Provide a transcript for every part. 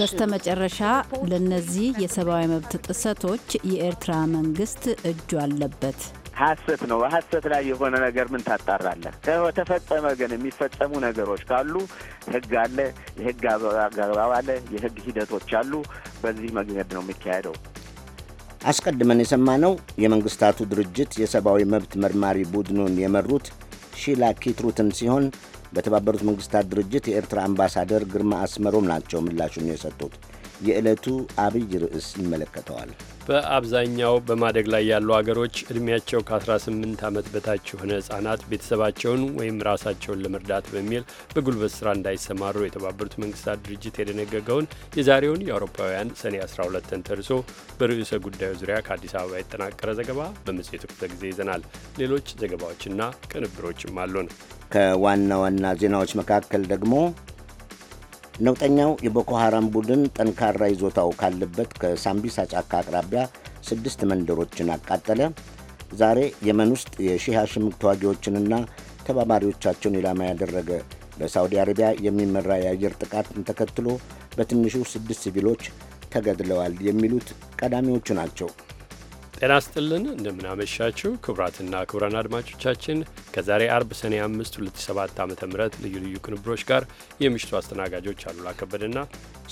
በስተ መጨረሻ ለነዚህ የሰብአዊ መብት ጥሰቶች የኤርትራ መንግስት እጁ አለበት። ሀሰት ነው። በሀሰት ላይ የሆነ ነገር ምን ታጣራለህ? ተፈጸመ ግን የሚፈጸሙ ነገሮች ካሉ ህግ አለ፣ የህግ አገባብ አለ፣ የህግ ሂደቶች አሉ። በዚህ መንገድ ነው የሚካሄደው። አስቀድመን የሰማነው የመንግስታቱ ድርጅት የሰብአዊ መብት መርማሪ ቡድኑን የመሩት ሺላ ኪትሩትን ሲሆን በተባበሩት መንግስታት ድርጅት የኤርትራ አምባሳደር ግርማ አስመሮም ናቸው ምላሹን የሰጡት። የዕለቱ አብይ ርዕስ ይመለከተዋል። በአብዛኛው በማደግ ላይ ያሉ አገሮች ዕድሜያቸው ከ18 ዓመት በታች የሆነ ህጻናት ቤተሰባቸውን ወይም ራሳቸውን ለመርዳት በሚል በጉልበት ሥራ እንዳይሰማሩ የተባበሩት መንግስታት ድርጅት የደነገገውን የዛሬውን የአውሮፓውያን ሰኔ 12ን ተርሶ በርዕሰ ጉዳዩ ዙሪያ ከአዲስ አበባ የተጠናቀረ ዘገባ በመጽሔቱ ክፍለ ጊዜ ይዘናል። ሌሎች ዘገባዎችና ቅንብሮችም አሉን። ከዋና ዋና ዜናዎች መካከል ደግሞ ነውጠኛው የቦኮ ሐራም ቡድን ጠንካራ ይዞታው ካለበት ከሳምቢሳ ጫካ አቅራቢያ ስድስት መንደሮችን አቃጠለ። ዛሬ የመን ውስጥ የሺህ ሽምቅ ተዋጊዎችንና ተባባሪዎቻቸውን ኢላማ ያደረገ በሳዑዲ አረቢያ የሚመራ የአየር ጥቃትን ተከትሎ በትንሹ ስድስት ሲቪሎች ተገድለዋል የሚሉት ቀዳሚዎቹ ናቸው። ጤና ስጥልን እንደምናመሻችው ክቡራትና ክቡራን አድማጮቻችን ከዛሬ አርብ ሰኔ 5 2007 ዓ ም ልዩ ልዩ ቅንብሮች ጋር የምሽቱ አስተናጋጆች አሉላ ከበደና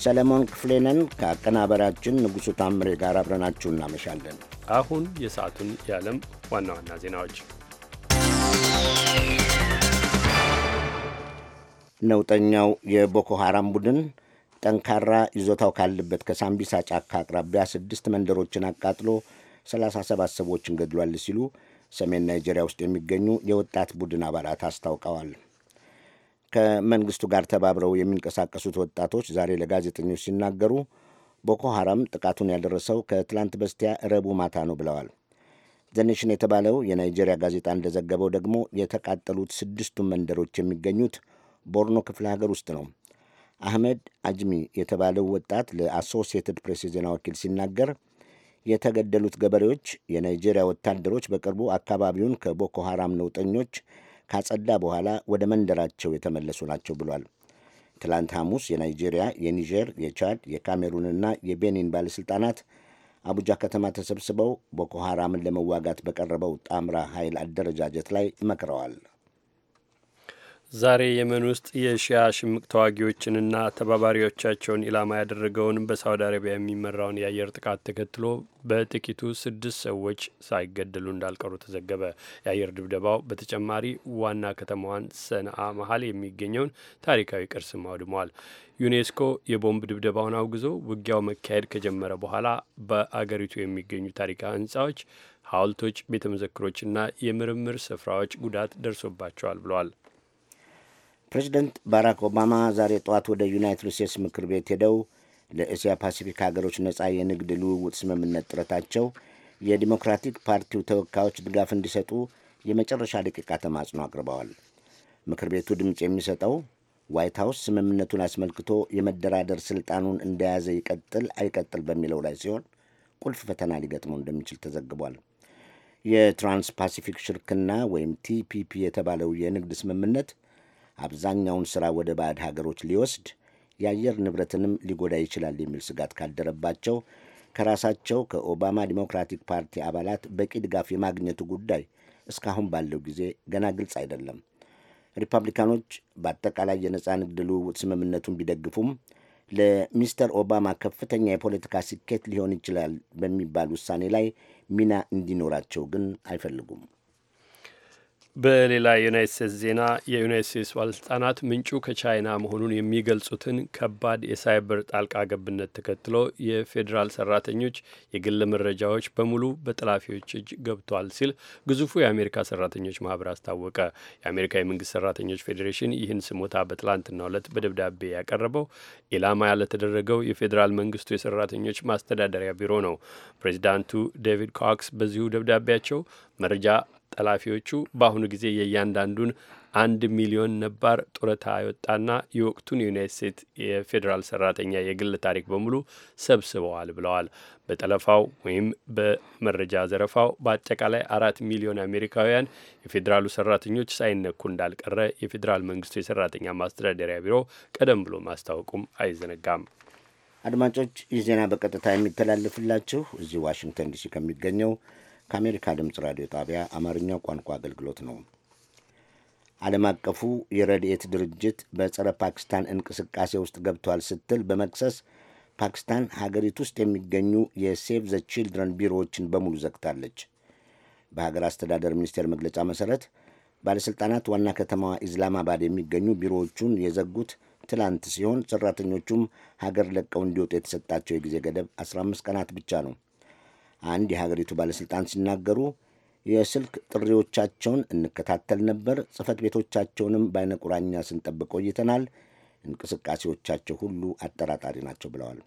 ሰለሞን ክፍሌነን ከአቀናበራችን ንጉሡ ታምሬ ጋር አብረናችሁ እናመሻለን። አሁን የሰዓቱን የዓለም ዋና ዋና ዜናዎች። ነውጠኛው የቦኮ ሐራም ቡድን ጠንካራ ይዞታው ካለበት ከሳምቢሳ ጫካ አቅራቢያ ስድስት መንደሮችን አቃጥሎ 37 ሰዎችን ገድሏል ሲሉ ሰሜን ናይጄሪያ ውስጥ የሚገኙ የወጣት ቡድን አባላት አስታውቀዋል። ከመንግስቱ ጋር ተባብረው የሚንቀሳቀሱት ወጣቶች ዛሬ ለጋዜጠኞች ሲናገሩ ቦኮ ሐራም ጥቃቱን ያደረሰው ከትላንት በስቲያ ረቡዕ ማታ ነው ብለዋል። ዘኔሽን የተባለው የናይጄሪያ ጋዜጣ እንደዘገበው ደግሞ የተቃጠሉት ስድስቱ መንደሮች የሚገኙት ቦርኖ ክፍለ ሀገር ውስጥ ነው። አህመድ አጅሚ የተባለው ወጣት ለአሶሲየትድ ፕሬስ የዜና ወኪል ሲናገር የተገደሉት ገበሬዎች የናይጄሪያ ወታደሮች በቅርቡ አካባቢውን ከቦኮ ሐራም ነውጠኞች ካጸዳ በኋላ ወደ መንደራቸው የተመለሱ ናቸው ብሏል። ትላንት ሐሙስ የናይጄሪያ፣ የኒጀር፣ የቻድ፣ የካሜሩንና የቤኒን ባለሥልጣናት አቡጃ ከተማ ተሰብስበው ቦኮ ሐራምን ለመዋጋት በቀረበው ጣምራ ኃይል አደረጃጀት ላይ መክረዋል። ዛሬ የመን ውስጥ የሺያ ሽምቅ ተዋጊዎችንና ተባባሪዎቻቸውን ኢላማ ያደረገውን በሳውዲ አረቢያ የሚመራውን የአየር ጥቃት ተከትሎ በጥቂቱ ስድስት ሰዎች ሳይገደሉ እንዳልቀሩ ተዘገበ። የአየር ድብደባው በተጨማሪ ዋና ከተማዋን ሰንዓ መሀል የሚገኘውን ታሪካዊ ቅርስም አውድሟል። ዩኔስኮ የቦምብ ድብደባውን አውግዞ ውጊያው መካሄድ ከጀመረ በኋላ በአገሪቱ የሚገኙ ታሪካዊ ህንጻዎች፣ ሐውልቶች፣ ቤተ መዘክሮችና የምርምር ስፍራዎች ጉዳት ደርሶባቸዋል ብለዋል። ፕሬዚደንት ባራክ ኦባማ ዛሬ ጠዋት ወደ ዩናይትድ ስቴትስ ምክር ቤት ሄደው ለእስያ ፓሲፊክ ሀገሮች ነጻ የንግድ ልውውጥ ስምምነት ጥረታቸው የዲሞክራቲክ ፓርቲው ተወካዮች ድጋፍ እንዲሰጡ የመጨረሻ ደቂቃ ተማጽኖ አቅርበዋል። ምክር ቤቱ ድምፅ የሚሰጠው ዋይት ሀውስ ስምምነቱን አስመልክቶ የመደራደር ስልጣኑን እንደያዘ ይቀጥል አይቀጥል በሚለው ላይ ሲሆን ቁልፍ ፈተና ሊገጥመው እንደሚችል ተዘግቧል። የትራንስ ፓሲፊክ ሽርክና ወይም ቲፒፒ የተባለው የንግድ ስምምነት አብዛኛውን ሥራ ወደ ባዕድ ሀገሮች ሊወስድ የአየር ንብረትንም ሊጎዳ ይችላል የሚል ስጋት ካደረባቸው ከራሳቸው ከኦባማ ዲሞክራቲክ ፓርቲ አባላት በቂ ድጋፍ የማግኘቱ ጉዳይ እስካሁን ባለው ጊዜ ገና ግልጽ አይደለም። ሪፐብሊካኖች በአጠቃላይ የነፃ ንግድ ልውውጥ ስምምነቱን ቢደግፉም ለሚስተር ኦባማ ከፍተኛ የፖለቲካ ስኬት ሊሆን ይችላል በሚባል ውሳኔ ላይ ሚና እንዲኖራቸው ግን አይፈልጉም። በሌላ የዩናይት ስቴትስ ዜና የዩናይት ስቴትስ ባለስልጣናት ምንጩ ከቻይና መሆኑን የሚገልጹትን ከባድ የሳይበር ጣልቃ ገብነት ተከትሎ የፌዴራል ሰራተኞች የግል መረጃዎች በሙሉ በጠላፊዎች እጅ ገብቷል ሲል ግዙፉ የአሜሪካ ሰራተኞች ማህበር አስታወቀ። የአሜሪካ የመንግስት ሰራተኞች ፌዴሬሽን ይህን ስሞታ በትላንትናው ዕለት በደብዳቤ ያቀረበው ኢላማ ያለተደረገው የፌዴራል መንግስቱ የሰራተኞች ማስተዳደሪያ ቢሮ ነው። ፕሬዚዳንቱ ዴቪድ ኮክስ በዚሁ ደብዳቤያቸው መረጃ ጠላፊዎቹ በአሁኑ ጊዜ የእያንዳንዱን አንድ ሚሊዮን ነባር ጡረታ የወጣና የወቅቱን የዩናይት ስቴትስ የፌዴራል ሰራተኛ የግል ታሪክ በሙሉ ሰብስበዋል ብለዋል። በጠለፋው ወይም በመረጃ ዘረፋው በአጠቃላይ አራት ሚሊዮን አሜሪካውያን የፌዴራሉ ሰራተኞች ሳይነኩ እንዳልቀረ የፌዴራል መንግስቱ የሰራተኛ ማስተዳደሪያ ቢሮ ቀደም ብሎ ማስታወቁም አይዘነጋም። አድማጮች ይህ ዜና በቀጥታ የሚተላለፍላችሁ እዚህ ዋሽንግተን ዲሲ ከሚገኘው ከአሜሪካ ድምፅ ራዲዮ ጣቢያ አማርኛው ቋንቋ አገልግሎት ነው። ዓለም አቀፉ የረድኤት ድርጅት በጸረ ፓኪስታን እንቅስቃሴ ውስጥ ገብቷል ስትል በመክሰስ ፓኪስታን ሀገሪቱ ውስጥ የሚገኙ የሴቭ ዘ ቺልድረን ቢሮዎችን በሙሉ ዘግታለች። በሀገር አስተዳደር ሚኒስቴር መግለጫ መሠረት ባለሥልጣናት ዋና ከተማዋ ኢስላማባድ የሚገኙ ቢሮዎቹን የዘጉት ትላንት ሲሆን ሠራተኞቹም ሀገር ለቀው እንዲወጡ የተሰጣቸው የጊዜ ገደብ 15 ቀናት ብቻ ነው። አንድ የሀገሪቱ ባለሥልጣን ሲናገሩ የስልክ ጥሪዎቻቸውን እንከታተል ነበር፣ ጽህፈት ቤቶቻቸውንም በአይነ ቁራኛ ስንጠብቅ ቆይተናል። እንቅስቃሴዎቻቸው ሁሉ አጠራጣሪ ናቸው ብለዋል።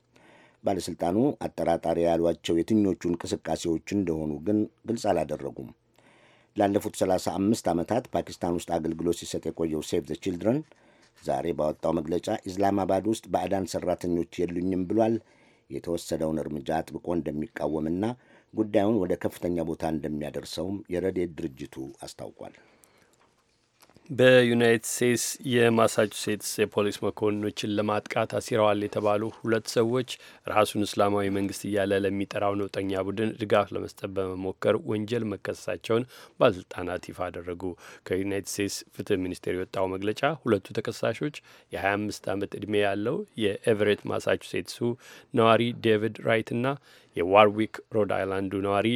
ባለሥልጣኑ አጠራጣሪ ያሏቸው የትኞቹ እንቅስቃሴዎች እንደሆኑ ግን ግልጽ አላደረጉም። ላለፉት 35 ዓመታት ፓኪስታን ውስጥ አገልግሎት ሲሰጥ የቆየው ሴቭ ዘ ቺልድረን ዛሬ ባወጣው መግለጫ ኢስላማባድ ውስጥ ባዕዳን ሠራተኞች የሉኝም ብሏል። የተወሰደውን እርምጃ አጥብቆ እንደሚቃወምና ጉዳዩን ወደ ከፍተኛ ቦታ እንደሚያደርሰውም የረድኤት ድርጅቱ አስታውቋል። በዩናይትድ ስቴትስ የማሳቹሴትስ የፖሊስ መኮንኖችን ለማጥቃት አሲረዋል የተባሉ ሁለት ሰዎች ራሱን እስላማዊ መንግስት እያለ ለሚጠራው ነውጠኛ ቡድን ድጋፍ ለመስጠት በመሞከር ወንጀል መከሰሳቸውን ባለስልጣናት ይፋ አደረጉ። ከዩናይትድ ስቴትስ ፍትህ ሚኒስቴር የወጣው መግለጫ ሁለቱ ተከሳሾች የ25 ዓመት ዕድሜ ያለው የኤቨሬት ማሳቹሴትሱ ነዋሪ ዴቪድ ራይትና የዋርዊክ ሮድ አይላንዱ ነዋሪ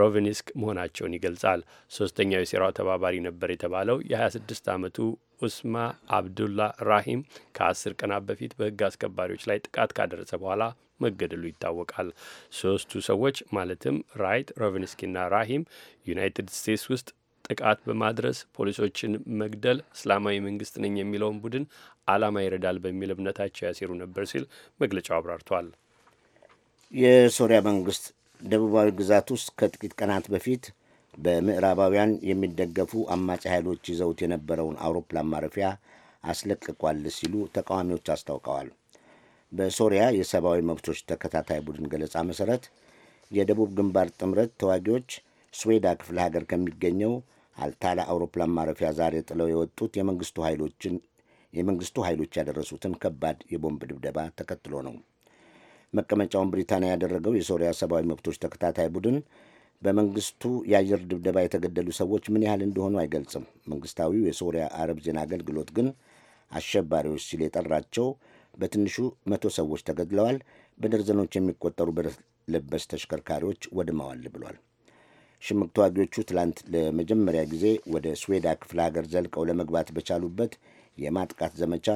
ሮቬኒስክ መሆናቸውን ይገልጻል። ሶስተኛው የሴራው ተባባሪ ነበር የተባለው የ26 ዓመቱ ኡስማ አብዱላ ራሂም ከአስር ቀናት በፊት በሕግ አስከባሪዎች ላይ ጥቃት ካደረሰ በኋላ መገደሉ ይታወቃል። ሶስቱ ሰዎች ማለትም ራይት፣ ሮቬኒስኪና ራሂም ዩናይትድ ስቴትስ ውስጥ ጥቃት በማድረስ ፖሊሶችን መግደል እስላማዊ መንግስት ነኝ የሚለውን ቡድን ዓላማ ይረዳል በሚል እምነታቸው ያሴሩ ነበር ሲል መግለጫው አብራርቷል። የሶሪያ መንግስት ደቡባዊ ግዛት ውስጥ ከጥቂት ቀናት በፊት በምዕራባውያን የሚደገፉ አማጺ ኃይሎች ይዘውት የነበረውን አውሮፕላን ማረፊያ አስለቅቋል ሲሉ ተቃዋሚዎች አስታውቀዋል። በሶሪያ የሰብአዊ መብቶች ተከታታይ ቡድን ገለጻ መሠረት የደቡብ ግንባር ጥምረት ተዋጊዎች ስዌዳ ክፍለ ሀገር ከሚገኘው አልታላ አውሮፕላን ማረፊያ ዛሬ ጥለው የወጡት የመንግስቱ ኃይሎች ያደረሱትን ከባድ የቦምብ ድብደባ ተከትሎ ነው። መቀመጫውን ብሪታንያ ያደረገው የሶሪያ ሰብአዊ መብቶች ተከታታይ ቡድን በመንግስቱ የአየር ድብደባ የተገደሉ ሰዎች ምን ያህል እንደሆኑ አይገልጽም። መንግስታዊው የሶሪያ አረብ ዜና አገልግሎት ግን አሸባሪዎች ሲል የጠራቸው በትንሹ መቶ ሰዎች ተገድለዋል፣ በደርዘኖች የሚቆጠሩ ብረት ለበስ ተሽከርካሪዎች ወድመዋል ብሏል። ሽምቅ ተዋጊዎቹ ትላንት ለመጀመሪያ ጊዜ ወደ ስዌዳ ክፍለ ሀገር ዘልቀው ለመግባት በቻሉበት የማጥቃት ዘመቻ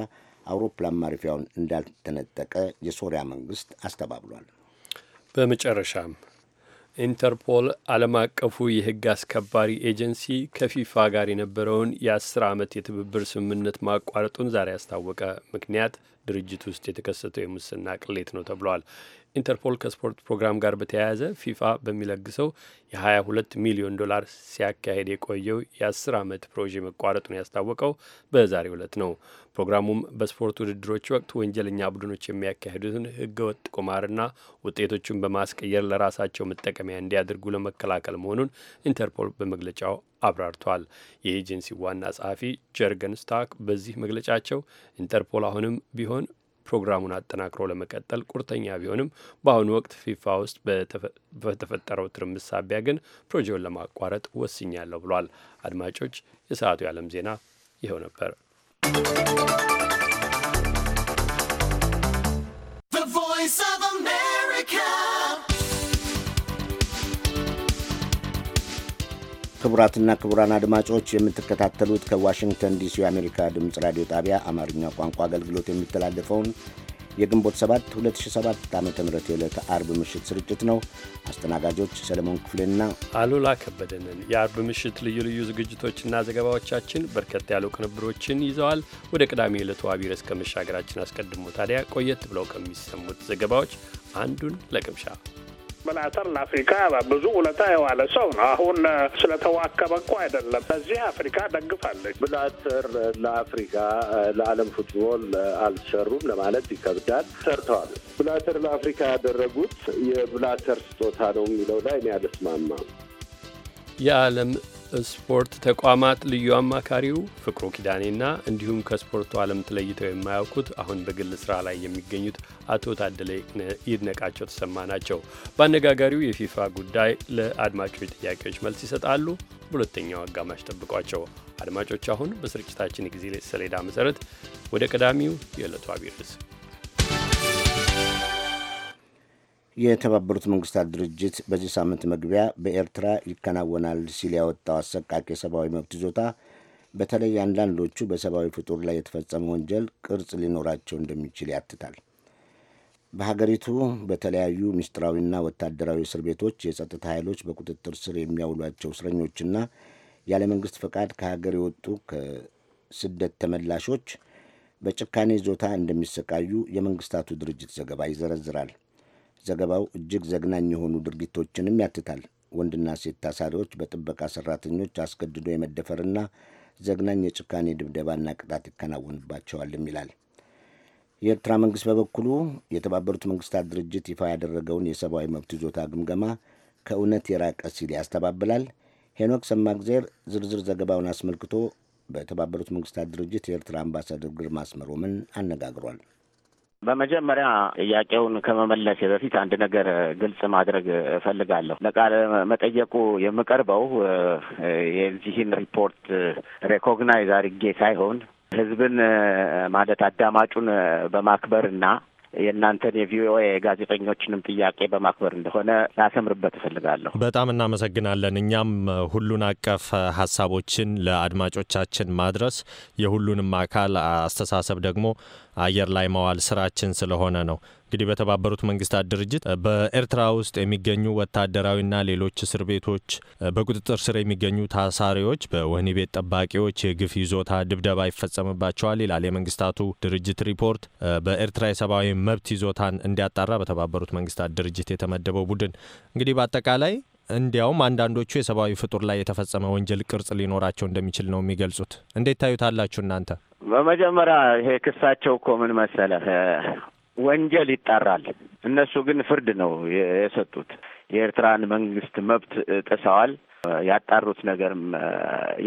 አውሮፕላን ማረፊያውን እንዳልተነጠቀ የሶሪያ መንግስት አስተባብሏል። በመጨረሻም ኢንተርፖል ዓለም አቀፉ የሕግ አስከባሪ ኤጀንሲ ከፊፋ ጋር የነበረውን የአስር ዓመት የትብብር ስምምነት ማቋረጡን ዛሬ ያስታወቀ። ምክንያት ድርጅት ውስጥ የተከሰተው የሙስና ቅሌት ነው ተብሏል። ኢንተርፖል ከስፖርት ፕሮግራም ጋር በተያያዘ ፊፋ በሚለግሰው የ22 ሚሊዮን ዶላር ሲያካሄድ የቆየው የ10 ዓመት ፕሮጄ መቋረጡን ያስታወቀው በዛሬው ዕለት ነው። ፕሮግራሙም በስፖርት ውድድሮች ወቅት ወንጀለኛ ቡድኖች የሚያካሄዱትን ወጥ ቁማርና ውጤቶቹን በማስቀየር ለራሳቸው መጠቀሚያ እንዲያደርጉ ለመከላከል መሆኑን ኢንተርፖል በመግለጫው አብራርቷል። የኤጀንሲ ዋና ጸሐፊ ጀርገን ስታክ በዚህ መግለጫቸው ኢንተርፖል አሁንም ቢሆን ፕሮግራሙን አጠናክሮ ለመቀጠል ቁርጠኛ ቢሆንም በአሁኑ ወቅት ፊፋ ውስጥ በተፈጠረው ትርምስ ሳቢያ ግን ፕሮጀውን ለማቋረጥ ወስኛለሁ ብሏል። አድማጮች፣ የሰዓቱ የዓለም ዜና ይኸው ነበር። ክቡራትና ክቡራን አድማጮች የምትከታተሉት ከዋሽንግተን ዲሲ የአሜሪካ ድምፅ ራዲዮ ጣቢያ አማርኛ ቋንቋ አገልግሎት የሚተላለፈውን የግንቦት 7 2007 ዓ ም የዕለተ አርብ ምሽት ስርጭት ነው። አስተናጋጆች ሰለሞን ክፍሌና አሉላ ከበደንን። የአርብ ምሽት ልዩ ልዩ ዝግጅቶችና ዘገባዎቻችን በርከት ያሉ ቅንብሮችን ይዘዋል። ወደ ቅዳሜ የዕለቱ አቢር እስከ መሻገራችን አስቀድሞ ታዲያ ቆየት ብለው ከሚሰሙት ዘገባዎች አንዱን ለቅምሻ በላተር ለአፍሪካ ብዙ ውለታ የዋለ ሰው ነው። አሁን ስለተዋከበ እኮ አይደለም። በዚህ አፍሪካ ደግፋለች። ብላተር ለአፍሪካ ለዓለም ፉትቦል አልሰሩም ለማለት ይከብዳል። ሰርተዋል። ብላተር ለአፍሪካ ያደረጉት የብላተር ስጦታ ነው የሚለው ላይ እኔ አልስማማም። የዓለም ስፖርት ተቋማት ልዩ አማካሪው ፍቅሩ ኪዳኔና እንዲሁም ከስፖርቱ ዓለም ተለይተው የማያውቁት አሁን በግል ስራ ላይ የሚገኙት አቶ ታደለ ይድነቃቸው ተሰማ ናቸው። በአነጋጋሪው የፊፋ ጉዳይ ለአድማጮች ጥያቄዎች መልስ ይሰጣሉ። በሁለተኛው አጋማሽ ጠብቋቸው አድማጮች። አሁን በስርጭታችን የጊዜ ሰሌዳ መሰረት ወደ ቀዳሚው የዕለቱ አቢይ የተባበሩት መንግስታት ድርጅት በዚህ ሳምንት መግቢያ በኤርትራ ይከናወናል ሲል ያወጣው አሰቃቂ የሰብአዊ መብት ይዞታ በተለይ አንዳንዶቹ በሰብአዊ ፍጡር ላይ የተፈጸመ ወንጀል ቅርጽ ሊኖራቸው እንደሚችል ያትታል። በሀገሪቱ በተለያዩ ምስጢራዊና ወታደራዊ እስር ቤቶች የጸጥታ ኃይሎች በቁጥጥር ስር የሚያውሏቸው እስረኞችና ያለ መንግስት ፈቃድ ከሀገር የወጡ ከስደት ተመላሾች በጭካኔ ይዞታ እንደሚሰቃዩ የመንግስታቱ ድርጅት ዘገባ ይዘረዝራል። ዘገባው እጅግ ዘግናኝ የሆኑ ድርጊቶችንም ያትታል። ወንድና ሴት ታሳሪዎች በጥበቃ ሰራተኞች አስገድዶ የመደፈርና ዘግናኝ የጭካኔ ድብደባና ቅጣት ይከናወንባቸዋልም ይላል። የኤርትራ መንግስት በበኩሉ የተባበሩት መንግስታት ድርጅት ይፋ ያደረገውን የሰብአዊ መብት ይዞታ ግምገማ ከእውነት የራቀ ሲል ያስተባብላል። ሄኖክ ሰማግዜር ዝርዝር ዘገባውን አስመልክቶ በተባበሩት መንግስታት ድርጅት የኤርትራ አምባሳደር ግርማ አስመሮምን አነጋግሯል። በመጀመሪያ ጥያቄውን ከመመለሴ በፊት አንድ ነገር ግልጽ ማድረግ እፈልጋለሁ። ለቃለ መጠየቁ የምቀርበው የዚህን ሪፖርት ሬኮግናይዝ አድርጌ ሳይሆን ህዝብን ማለት አዳማጩን በማክበርና የእናንተን የቪኦኤ ጋዜጠኞችንም ጥያቄ በማክበር እንደሆነ ላሰምርበት እፈልጋለሁ። በጣም እናመሰግናለን። እኛም ሁሉን አቀፍ ሀሳቦችን ለአድማጮቻችን ማድረስ የሁሉንም አካል አስተሳሰብ ደግሞ አየር ላይ መዋል ስራችን ስለሆነ ነው። እንግዲህ በተባበሩት መንግስታት ድርጅት በኤርትራ ውስጥ የሚገኙ ወታደራዊና ሌሎች እስር ቤቶች በቁጥጥር ስር የሚገኙ ታሳሪዎች በወህኒ ቤት ጠባቂዎች የግፍ ይዞታ፣ ድብደባ ይፈጸምባቸዋል ይላል የመንግስታቱ ድርጅት ሪፖርት። በኤርትራ የሰብአዊ መብት ይዞታን እንዲያጣራ በተባበሩት መንግስታት ድርጅት የተመደበው ቡድን እንግዲህ በአጠቃላይ እንዲያውም አንዳንዶቹ የሰብአዊ ፍጡር ላይ የተፈጸመ ወንጀል ቅርጽ ሊኖራቸው እንደሚችል ነው የሚገልጹት። እንዴት ታዩታላችሁ እናንተ? በመጀመሪያ ይሄ ክሳቸው እኮ ምን መሰለህ ወንጀል ይጣራል። እነሱ ግን ፍርድ ነው የሰጡት። የኤርትራን መንግስት መብት ጥሰዋል። ያጣሩት ነገርም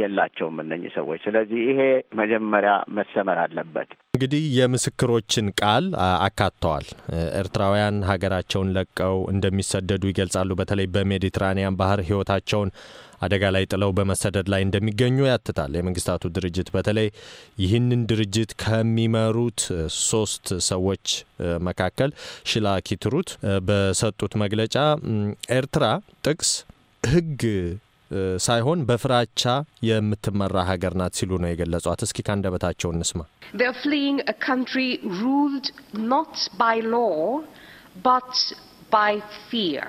የላቸውም እነኚህ ሰዎች። ስለዚህ ይሄ መጀመሪያ መሰመር አለበት። እንግዲህ የምስክሮችን ቃል አካተዋል። ኤርትራውያን ሀገራቸውን ለቀው እንደሚሰደዱ ይገልጻሉ። በተለይ በሜዲትራኒያን ባህር ህይወታቸውን አደጋ ላይ ጥለው በመሰደድ ላይ እንደሚገኙ ያትታል። የመንግስታቱ ድርጅት በተለይ ይህንን ድርጅት ከሚመሩት ሶስት ሰዎች መካከል ሽላ ኪትሩት በሰጡት መግለጫ ኤርትራ ጥቅስ ህግ ሳይሆን በፍራቻ የምትመራ ሀገር ናት ሲሉ ነው የገለጿት። እስኪ ከአንደበታቸው እንስማ። ሩልድ ኖት ባይ ሎ ባት ባይ ፊር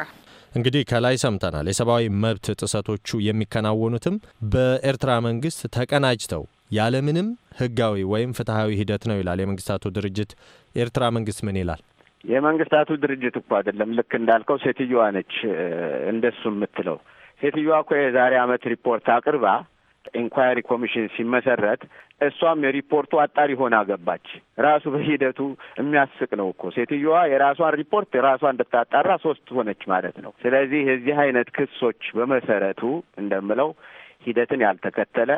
እንግዲህ ከላይ ሰምተናል። የሰብአዊ መብት ጥሰቶቹ የሚከናወኑትም በኤርትራ መንግስት ተቀናጅተው ያለምንም ህጋዊ ወይም ፍትሐዊ ሂደት ነው ይላል የመንግስታቱ ድርጅት። የኤርትራ መንግስት ምን ይላል? የመንግስታቱ ድርጅት እኮ አይደለም፣ ልክ እንዳልከው ሴትዮዋ ነች እንደሱ የምትለው። ሴትዮዋ እኮ የዛሬ አመት ሪፖርት አቅርባ ኢንኳሪ ኮሚሽን ሲመሰረት እሷም የሪፖርቱ አጣሪ ሆና ገባች። ራሱ በሂደቱ የሚያስቅ ነው እኮ ሴትዮዋ የራሷን ሪፖርት ራሷ እንድታጣራ ሶስት ሆነች ማለት ነው። ስለዚህ የዚህ አይነት ክሶች በመሰረቱ እንደምለው ሂደትን ያልተከተለ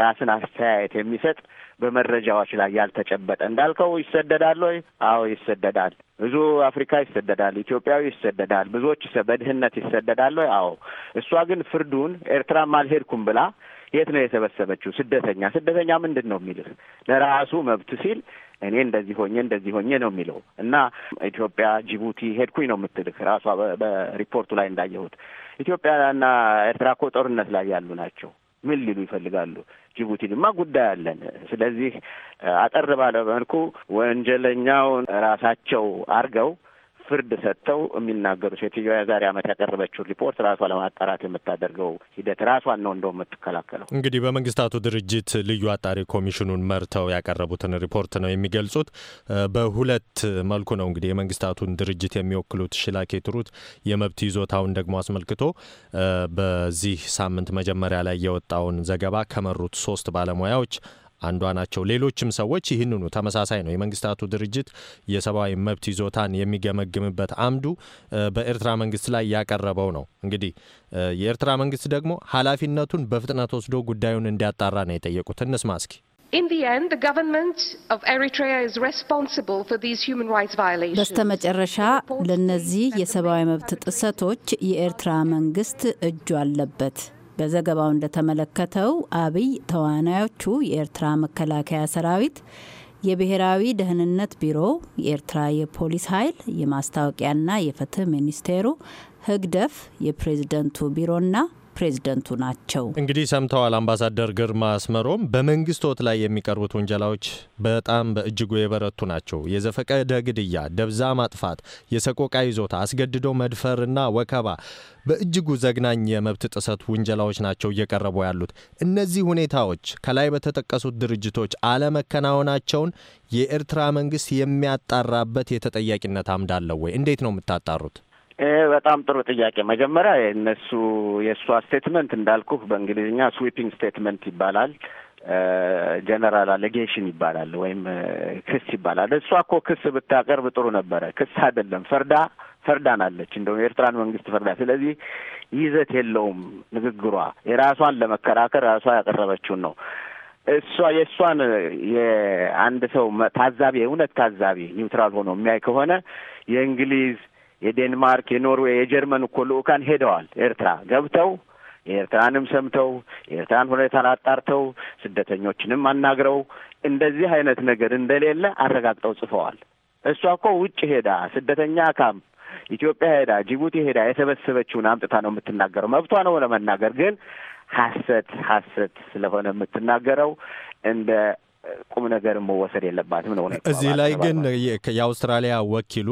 ራስን አስተያየት የሚሰጥ በመረጃዎች ላይ ያልተጨበጠ እንዳልከው ይሰደዳል ወይ? አዎ ይሰደዳል። ብዙ አፍሪካ ይሰደዳል፣ ኢትዮጵያዊ ይሰደዳል፣ ብዙዎች በድህነት ይሰደዳል ወይ? አዎ። እሷ ግን ፍርዱን ኤርትራም አልሄድኩም ብላ የት ነው የሰበሰበችው? ስደተኛ ስደተኛ ምንድን ነው የሚልህ ለራሱ መብት ሲል እኔ እንደዚህ ሆኜ እንደዚህ ሆኜ ነው የሚለው እና ኢትዮጵያ ጅቡቲ ሄድኩኝ ነው የምትልህ ራሷ በሪፖርቱ ላይ እንዳየሁት ኢትዮጵያና ኤርትራ እኮ ጦርነት ላይ ያሉ ናቸው። ምን ሊሉ ይፈልጋሉ? ጅቡቲ ድማ ጉዳይ አለን። ስለዚህ አጠር ባለ መልኩ ወንጀለኛውን ራሳቸው አርገው? ፍርድ ሰጥተው የሚናገሩ ሴትዮዋ የዛሬ ዓመት ያቀረበችው ሪፖርት ራሷ ለማጣራት የምታደርገው ሂደት ራሷን ነው እንደው የምትከላከለው። እንግዲህ በመንግስታቱ ድርጅት ልዩ አጣሪ ኮሚሽኑን መርተው ያቀረቡትን ሪፖርት ነው የሚገልጹት። በሁለት መልኩ ነው እንግዲህ የመንግስታቱን ድርጅት የሚወክሉት ሽላኬ ትሩት የመብት ይዞታውን ደግሞ አስመልክቶ በዚህ ሳምንት መጀመሪያ ላይ የወጣውን ዘገባ ከመሩት ሶስት ባለሙያዎች አንዷ ናቸው። ሌሎችም ሰዎች ይህንኑ ተመሳሳይ ነው። የመንግስታቱ ድርጅት የሰብአዊ መብት ይዞታን የሚገመግምበት አምዱ በኤርትራ መንግስት ላይ ያቀረበው ነው። እንግዲህ የኤርትራ መንግስት ደግሞ ኃላፊነቱን በፍጥነት ወስዶ ጉዳዩን እንዲያጣራ ነው የጠየቁት። እንስማ እስኪ። በስተመጨረሻ ለእነዚህ የሰብአዊ መብት ጥሰቶች የኤርትራ መንግስት እጁ አለበት በዘገባው እንደተመለከተው አብይ ተዋናዮቹ የኤርትራ መከላከያ ሰራዊት፣ የብሔራዊ ደህንነት ቢሮ፣ የኤርትራ የፖሊስ ኃይል፣ የማስታወቂያና የፍትህ ሚኒስቴሩ፣ ህግደፍ፣ የፕሬዝደንቱ ቢሮና ፕሬዝደንቱ ናቸው። እንግዲህ ሰምተዋል አምባሳደር ግርማ አስመሮም በመንግስቶት ላይ የሚቀርቡት ውንጀላዎች በጣም በእጅጉ የበረቱ ናቸው። የዘፈቀደ ግድያ፣ ደብዛ ማጥፋት፣ የሰቆቃ ይዞታ፣ አስገድዶ መድፈርና ወከባ በእጅጉ ዘግናኝ የመብት ጥሰት ውንጀላዎች ናቸው እየቀረቡ ያሉት። እነዚህ ሁኔታዎች ከላይ በተጠቀሱት ድርጅቶች አለመከናወናቸውን የኤርትራ መንግስት የሚያጣራበት የተጠያቂነት አምድ አለው ወይ? እንዴት ነው የምታጣሩት? በጣም ጥሩ ጥያቄ። መጀመሪያ የእነሱ የእሷ ስቴትመንት እንዳልኩህ በእንግሊዝኛ ስዊፒንግ ስቴትመንት ይባላል። ጀነራል አሌጌሽን ይባላል ወይም ክስ ይባላል። እሷ እኮ ክስ ብታቀርብ ጥሩ ነበረ። ክስ አይደለም ፈርዳ ፈርዳን አለች። እንደውም የኤርትራን መንግስት ፈርዳ። ስለዚህ ይዘት የለውም ንግግሯ። የራሷን ለመከራከር ራሷ ያቀረበችውን ነው። እሷ የእሷን የአንድ ሰው ታዛቢ የእውነት ታዛቢ ኒውትራል ሆኖ የሚያይ ከሆነ የእንግሊዝ የዴንማርክ፣ የኖርዌይ፣ የጀርመን እኮ ልኡካን ሄደዋል ኤርትራ ገብተው የኤርትራንም ሰምተው የኤርትራን ሁኔታን አጣርተው ስደተኞችንም አናግረው እንደዚህ አይነት ነገር እንደሌለ አረጋግጠው ጽፈዋል። እሷ እኮ ውጭ ሄዳ ስደተኛ ካምፕ ኢትዮጵያ ሄዳ ጅቡቲ ሄዳ የሰበሰበችውን አምጥታ ነው የምትናገረው። መብቷ ነው ለመናገር ግን ሐሰት ሐሰት ስለሆነ የምትናገረው እንደ ቁም ነገር መወሰድ የለባትም ነው። እዚህ ላይ ግን የአውስትራሊያ ወኪሉ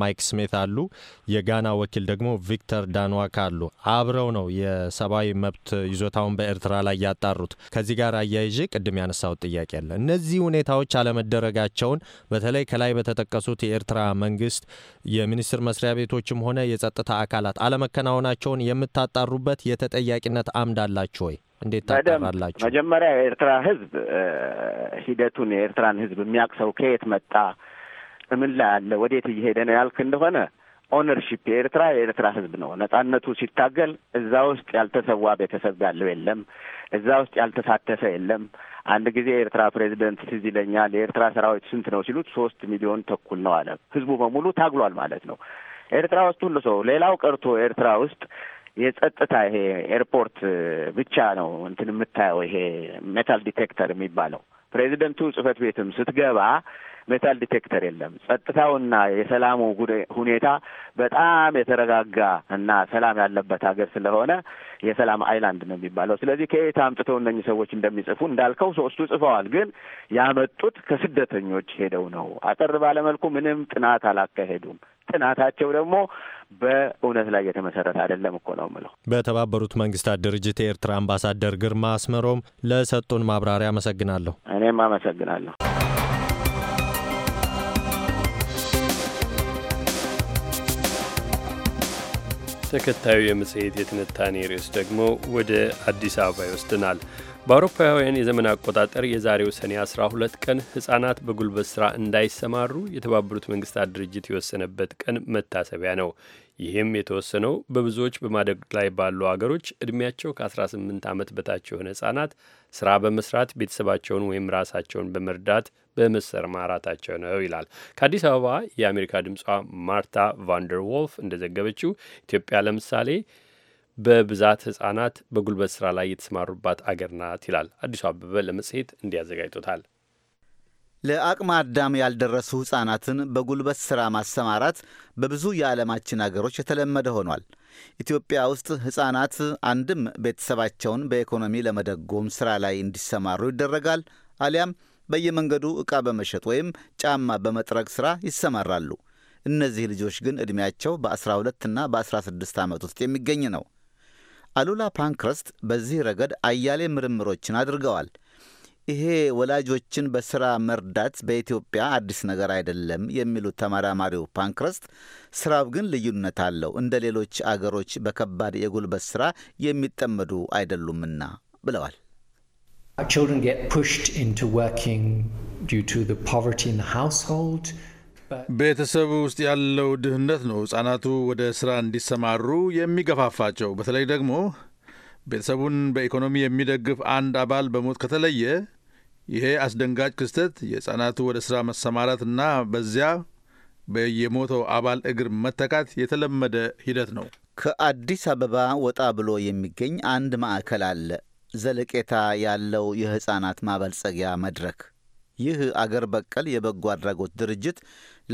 ማይክ ስሜት አሉ፣ የጋና ወኪል ደግሞ ቪክተር ዳንዋካ አሉ። አብረው ነው የሰብአዊ መብት ይዞታውን በኤርትራ ላይ ያጣሩት። ከዚህ ጋር አያይዤ ቅድም ያነሳሁት ጥያቄ አለ። እነዚህ ሁኔታዎች አለመደረጋቸውን በተለይ ከላይ በተጠቀሱት የኤርትራ መንግስት የሚኒስትር መስሪያ ቤቶችም ሆነ የጸጥታ አካላት አለመከናወናቸውን የምታጣሩበት የተጠያቂነት አምድ አላችሁ ወይ? እንዴት ታጠራላችሁ? መጀመሪያ የኤርትራ ህዝብ ሂደቱን የኤርትራን ህዝብ የሚያውቅ ሰው ከየት መጣ፣ እምን ላይ አለ፣ ወዴት እየሄደ ነው ያልክ እንደሆነ ኦነርሺፕ የኤርትራ የኤርትራ ህዝብ ነው። ነጻነቱ ሲታገል እዛ ውስጥ ያልተሰዋ ቤተሰብ ያለው የለም። እዛ ውስጥ ያልተሳተፈ የለም። አንድ ጊዜ የኤርትራ ፕሬዚደንት ትዝ ይለኛል የኤርትራ ሰራዊት ስንት ነው ሲሉት ሶስት ሚሊዮን ተኩል ነው አለ። ህዝቡ በሙሉ ታግሏል ማለት ነው። ኤርትራ ውስጥ ሁሉ ሰው ሌላው ቀርቶ ኤርትራ ውስጥ የጸጥታ ይሄ ኤርፖርት ብቻ ነው እንትን የምታየው ይሄ ሜታል ዲቴክተር የሚባለው ፕሬዚደንቱ ጽህፈት ቤትም ስትገባ ሜታል ዲቴክተር የለም። ጸጥታውና የሰላሙ ሁኔታ በጣም የተረጋጋ እና ሰላም ያለበት ሀገር ስለሆነ የሰላም አይላንድ ነው የሚባለው። ስለዚህ ከየት አምጥተው እነኝህ ሰዎች እንደሚጽፉ እንዳልከው ሶስቱ ጽፈዋል፣ ግን ያመጡት ከስደተኞች ሄደው ነው። አጠር ባለመልኩ ምንም ጥናት አላካሄዱም። ጥናታቸው ደግሞ በእውነት ላይ የተመሰረተ አይደለም እኮ ነው ምለው። በተባበሩት መንግስታት ድርጅት የኤርትራ አምባሳደር ግርማ አስመሮም ለሰጡን ማብራሪያ አመሰግናለሁ። እኔም አመሰግናለሁ። ተከታዩ የመጽሔት የትንታኔ ርዕስ ደግሞ ወደ አዲስ አበባ ይወስድናል። በአውሮፓውያን የዘመን አቆጣጠር የዛሬው ሰኔ 12 ቀን ሕፃናት በጉልበት ሥራ እንዳይሰማሩ የተባበሩት መንግስታት ድርጅት የወሰነበት ቀን መታሰቢያ ነው። ይህም የተወሰነው በብዙዎች በማደግ ላይ ባሉ አገሮች ዕድሜያቸው ከ18 ዓመት በታች የሆነ ሕጻናት ስራ በመስራት ቤተሰባቸውን ወይም ራሳቸውን በመርዳት በመሰማራታቸው ነው ይላል። ከአዲስ አበባ የአሜሪካ ድምጿ ማርታ ቫንደር ዎልፍ እንደዘገበችው ኢትዮጵያ ለምሳሌ በብዛት ሕፃናት በጉልበት ስራ ላይ የተሰማሩባት አገር ናት ይላል። አዲሱ አበበ ለመጽሔት እንዲያዘጋጅቶታል። ለአቅመ አዳም ያልደረሱ ሕፃናትን በጉልበት ሥራ ማሰማራት በብዙ የዓለማችን አገሮች የተለመደ ሆኗል። ኢትዮጵያ ውስጥ ሕፃናት አንድም ቤተሰባቸውን በኢኮኖሚ ለመደጎም ሥራ ላይ እንዲሰማሩ ይደረጋል፣ አሊያም በየመንገዱ ዕቃ በመሸጥ ወይም ጫማ በመጥረግ ሥራ ይሰማራሉ። እነዚህ ልጆች ግን ዕድሜያቸው በ12ና በ16 ዓመት ውስጥ የሚገኝ ነው። አሉላ ፓንክረስት በዚህ ረገድ አያሌ ምርምሮችን አድርገዋል። ይሄ ወላጆችን በስራ መርዳት በኢትዮጵያ አዲስ ነገር አይደለም የሚሉት ተመራማሪው ፓንክረስት፣ ስራው ግን ልዩነት አለው፣ እንደ ሌሎች አገሮች በከባድ የጉልበት ስራ የሚጠመዱ አይደሉምና ብለዋል። ቤተሰብ ውስጥ ያለው ድህነት ነው ህጻናቱ ወደ ስራ እንዲሰማሩ የሚገፋፋቸው። በተለይ ደግሞ ቤተሰቡን በኢኮኖሚ የሚደግፍ አንድ አባል በሞት ከተለየ ይሄ አስደንጋጭ ክስተት የሕፃናቱ ወደ ሥራ መሰማራት እና በዚያ በየሞተው አባል እግር መተካት የተለመደ ሂደት ነው። ከአዲስ አበባ ወጣ ብሎ የሚገኝ አንድ ማዕከል አለ፣ ዘለቄታ ያለው የሕፃናት ማበልጸጊያ መድረክ። ይህ አገር በቀል የበጎ አድራጎት ድርጅት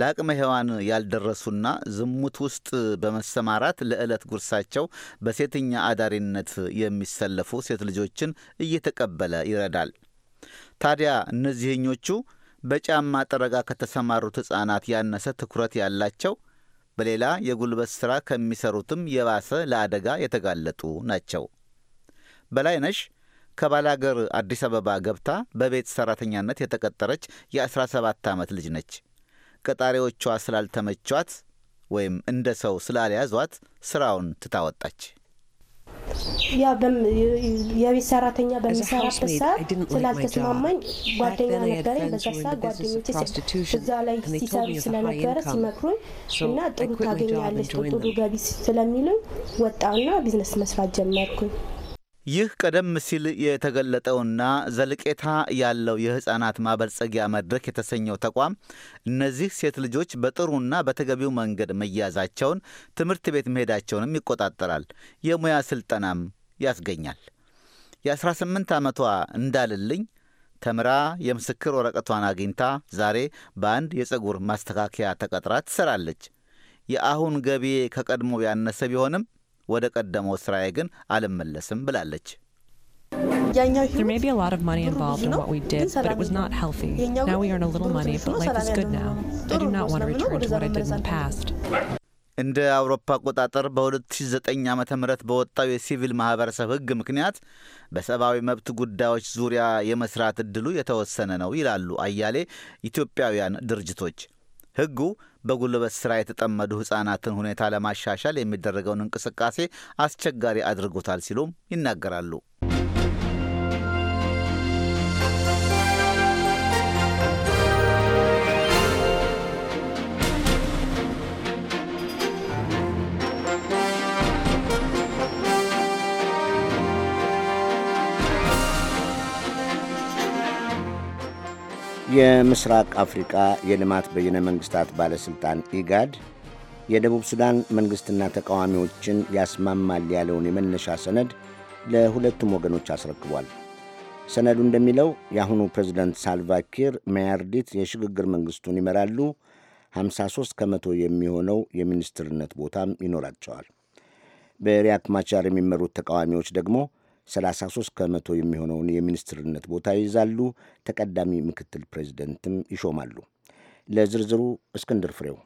ለአቅመ ሔዋን ያልደረሱና ዝሙት ውስጥ በመሰማራት ለዕለት ጉርሳቸው በሴተኛ አዳሪነት የሚሰለፉ ሴት ልጆችን እየተቀበለ ይረዳል። ታዲያ እነዚህኞቹ በጫማ ጠረጋ ከተሰማሩት ሕፃናት ያነሰ ትኩረት ያላቸው በሌላ የጉልበት ሥራ ከሚሰሩትም የባሰ ለአደጋ የተጋለጡ ናቸው። በላይነሽ ከባላገር አዲስ አበባ ገብታ በቤት ሠራተኛነት የተቀጠረች የ17 ዓመት ልጅ ነች። ቀጣሪዎቿ ስላልተመቿት ወይም እንደ ሰው ስላልያዟት ሥራውን ትታወጣች። የቤት ሰራተኛ በሚሰራበት ሰዓት ስላልተስማማኝ ጓደኛ ነበረኝ። በዛ ሰዓት ጓደኞች እዛ ላይ ሲሰሩ ስለነበረ ሲመክሩኝ እና ጥሩ ታገኛለች ጥሩ ገቢ ስለሚሉኝ ወጣውና ቢዝነስ መስራት ጀመርኩኝ። ይህ ቀደም ሲል የተገለጠውና ዘልቄታ ያለው የሕፃናት ማበልጸጊያ መድረክ የተሰኘው ተቋም እነዚህ ሴት ልጆች በጥሩና በተገቢው መንገድ መያዛቸውን፣ ትምህርት ቤት መሄዳቸውንም ይቆጣጠራል፣ የሙያ ስልጠናም ያስገኛል። የ18 ዓመቷ እንዳልልኝ ተምራ የምስክር ወረቀቷን አግኝታ ዛሬ በአንድ የፀጉር ማስተካከያ ተቀጥራ ትሰራለች። የአሁን ገቢዬ ከቀድሞ ያነሰ ቢሆንም ወደ ቀደመው ስራዬ ግን አልመለስም ብላለች። እንደ አውሮፓ አቆጣጠር በ2009 ዓ ም በወጣው የሲቪል ማህበረሰብ ሕግ ምክንያት በሰብአዊ መብት ጉዳዮች ዙሪያ የመስራት እድሉ የተወሰነ ነው ይላሉ አያሌ ኢትዮጵያውያን ድርጅቶች። ሕጉ በጉልበት ሥራ የተጠመዱ ሕፃናትን ሁኔታ ለማሻሻል የሚደረገውን እንቅስቃሴ አስቸጋሪ አድርጎታል ሲሉም ይናገራሉ። የምስራቅ አፍሪቃ የልማት በይነ መንግስታት ባለሥልጣን ኢጋድ የደቡብ ሱዳን መንግሥትና ተቃዋሚዎችን ያስማማል ያለውን የመነሻ ሰነድ ለሁለቱም ወገኖች አስረክቧል። ሰነዱ እንደሚለው የአሁኑ ፕሬዝደንት ሳልቫኪር መያርዲት የሽግግር መንግሥቱን ይመራሉ። 53 ከመቶ የሚሆነው የሚኒስትርነት ቦታም ይኖራቸዋል። በሪያክ ማቻር የሚመሩት ተቃዋሚዎች ደግሞ 33 ከመቶ የሚሆነውን የሚኒስትርነት ቦታ ይይዛሉ። ተቀዳሚ ምክትል ፕሬዚደንትም ይሾማሉ። ለዝርዝሩ እስክንድር ፍሬው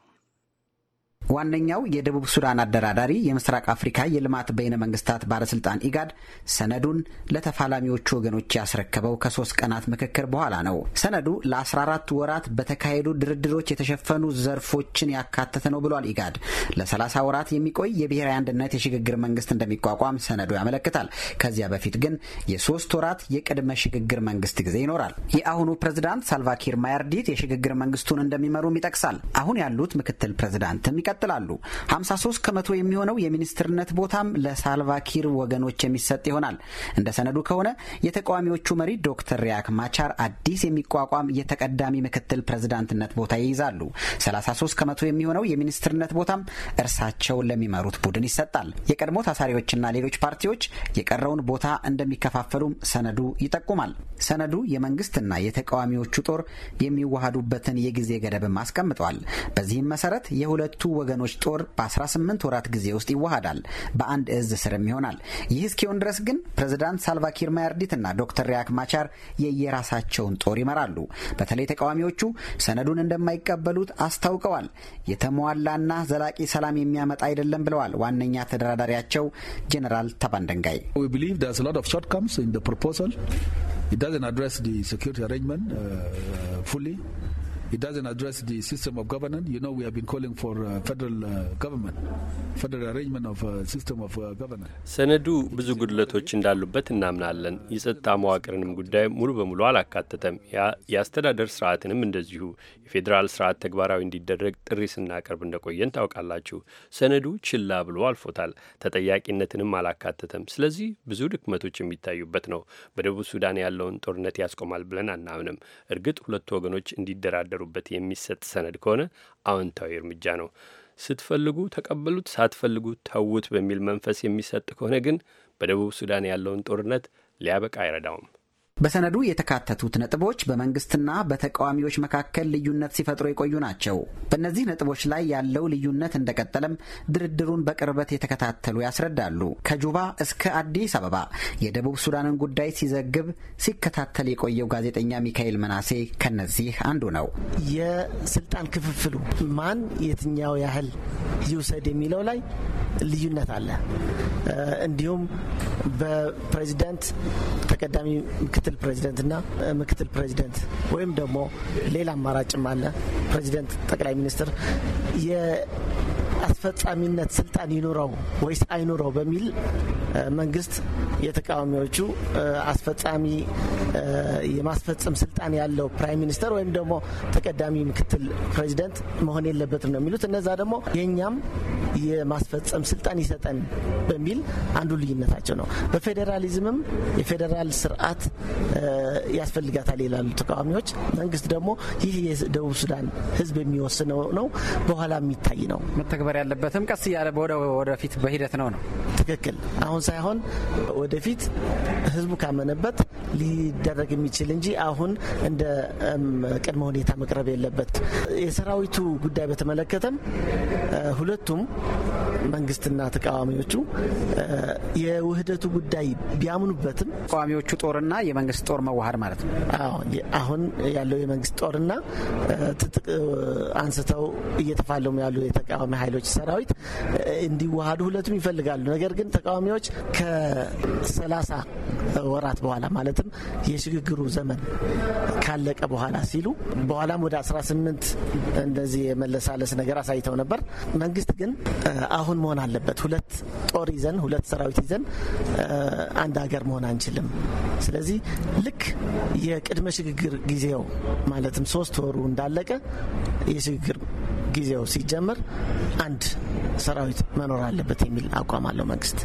ዋነኛው የደቡብ ሱዳን አደራዳሪ የምስራቅ አፍሪካ የልማት በይነ መንግስታት ባለስልጣን ኢጋድ ሰነዱን ለተፋላሚዎቹ ወገኖች ያስረከበው ከሶስት ቀናት ምክክር በኋላ ነው። ሰነዱ ለ14 ወራት በተካሄዱ ድርድሮች የተሸፈኑ ዘርፎችን ያካተተ ነው ብሏል ኢጋድ። ለ30 ወራት የሚቆይ የብሔራዊ አንድነት የሽግግር መንግስት እንደሚቋቋም ሰነዱ ያመለክታል። ከዚያ በፊት ግን የሶስት ወራት የቅድመ ሽግግር መንግስት ጊዜ ይኖራል። የአሁኑ ፕሬዝዳንት ሳልቫኪር ማያርዲት የሽግግር መንግስቱን እንደሚመሩም ይጠቅሳል። አሁን ያሉት ምክትል ፕሬዝዳንትም ይቀጥላሉ። 53 ከመቶ የሚሆነው የሚኒስትርነት ቦታም ለሳልቫኪር ወገኖች የሚሰጥ ይሆናል። እንደ ሰነዱ ከሆነ የተቃዋሚዎቹ መሪ ዶክተር ሪያክ ማቻር አዲስ የሚቋቋም የተቀዳሚ ምክትል ፕሬዝዳንትነት ቦታ ይይዛሉ። 33 ከመቶ የሚሆነው የሚኒስትርነት ቦታም እርሳቸው ለሚመሩት ቡድን ይሰጣል። የቀድሞ ታሳሪዎችና ሌሎች ፓርቲዎች የቀረውን ቦታ እንደሚከፋፈሉም ሰነዱ ይጠቁማል። ሰነዱ የመንግስትና የተቃዋሚዎቹ ጦር የሚዋሃዱበትን የጊዜ ገደብም አስቀምጧል። በዚህም መሰረት የሁለቱ ወገኖች ጦር በ18 ወራት ጊዜ ውስጥ ይዋሃዳል፣ በአንድ እዝ ስርም ይሆናል። ይህ እስኪሆን ድረስ ግን ፕሬዝዳንት ሳልቫኪር ማያርዲትና ዶክተር ሪያክ ማቻር የየራሳቸውን ጦር ይመራሉ። በተለይ ተቃዋሚዎቹ ሰነዱን እንደማይቀበሉት አስታውቀዋል። የተሟላና ዘላቂ ሰላም የሚያመጣ አይደለም ብለዋል ዋነኛ ተደራዳሪያቸው ጄኔራል ታባንደንጋይ It doesn't address the system of governance. You know, we have been calling for uh, federal uh, government, federal arrangement of uh, system of uh, governance. ሰነዱ ብዙ ጉድለቶች እንዳሉበት እናምናለን። የጸጥታ መዋቅርንም ጉዳይ ሙሉ በሙሉ አላካተተም። የአስተዳደር ስርዓትንም እንደዚሁ። የፌዴራል ስርዓት ተግባራዊ እንዲደረግ ጥሪ ስናቀርብ እንደቆየን ታውቃላችሁ። ሰነዱ ችላ ብሎ አልፎታል። ተጠያቂነትንም አላካተተም። ስለዚህ ብዙ ድክመቶች የሚታዩበት ነው። በደቡብ ሱዳን ያለውን ጦርነት ያስቆማል ብለን አናምንም። እርግጥ ሁለቱ ወገኖች እንዲደራደሩበት የሚሰጥ ሰነድ ከሆነ አዎንታዊ እርምጃ ነው። ስትፈልጉ ተቀበሉት፣ ሳትፈልጉ ተዉት በሚል መንፈስ የሚሰጥ ከሆነ ግን በደቡብ ሱዳን ያለውን ጦርነት ሊያበቃ አይረዳውም። በሰነዱ የተካተቱት ነጥቦች በመንግስትና በተቃዋሚዎች መካከል ልዩነት ሲፈጥሩ የቆዩ ናቸው። በእነዚህ ነጥቦች ላይ ያለው ልዩነት እንደቀጠለም ድርድሩን በቅርበት የተከታተሉ ያስረዳሉ። ከጁባ እስከ አዲስ አበባ የደቡብ ሱዳንን ጉዳይ ሲዘግብ ሲከታተል የቆየው ጋዜጠኛ ሚካኤል መናሴ ከነዚህ አንዱ ነው። የስልጣን ክፍፍሉ ማን የትኛው ያህል ይውሰድ የሚለው ላይ ልዩነት አለ። እንዲሁም በፕሬዚዳንት ተቀዳሚ ምክትል ምክትል ፕሬዚደንትና ምክትል ፕሬዚደንት ወይም ደግሞ ሌላ አማራጭም አለ። ፕሬዚደንት ጠቅላይ ሚኒስትር የአስፈጻሚነት ስልጣን ይኑረው ወይስ አይኑረው በሚል መንግስት የተቃዋሚዎቹ አስፈጻሚ የማስፈጸም ስልጣን ያለው ፕራይም ሚኒስተር ወይም ደግሞ ተቀዳሚ ምክትል ፕሬዚደንት መሆን የለበትም ነው የሚሉት። እነዛ ደግሞ የእኛም የማስፈጸም ስልጣን ይሰጠን በሚል አንዱ ልዩነታቸው ነው። በፌዴራሊዝምም የፌዴራል ስርዓት ያስፈልጋታል ይላሉ ተቃዋሚዎች። መንግስት ደግሞ ይህ የደቡብ ሱዳን ህዝብ የሚወስነው ነው፣ በኋላ የሚታይ ነው። መተግበር ያለበትም ቀስ እያለ ወደፊት በሂደት ነው ነው ትክክል። አሁን ሳይሆን ወደፊት ህዝቡ ካመነበት ሊደረግ የሚችል እንጂ አሁን እንደ ቅድመ ሁኔታ መቅረብ የለበት። የሰራዊቱ ጉዳይ በተመለከተም ሁለቱም መንግስትና ተቃዋሚዎቹ የውህደቱ ጉዳይ ቢያምኑበትም ተቃዋሚዎቹ ጦርና የመንግስት ጦር መዋሃድ ማለት ነው። አሁን ያለው የመንግስት ጦርና ትጥቅ አንስተው እየተፋለሙ ያሉ የተቃዋሚ ኃይሎች ሰራዊት እንዲዋሃዱ ሁለቱም ይፈልጋሉ። ነገር ግን ተቃዋሚዎች ከሰላሳ ወራት በኋላ ማለትም የሽግግሩ ዘመን ካለቀ በኋላ ሲሉ በኋላም ወደ 18 እንደዚህ የመለሳለስ ነገር አሳይተው ነበር። መንግስት ግን አሁን መሆን አለበት። ሁለት ጦር ይዘን ሁለት ሰራዊት ይዘን አንድ ሀገር መሆን አንችልም። ስለዚህ ልክ የቅድመ ሽግግር ጊዜው ማለትም ሶስት ወሩ እንዳለቀ የሽግግር ጊዜው ሲጀመር አንድ ሰራዊት መኖር አለበት የሚል አቋም አለው መንግስት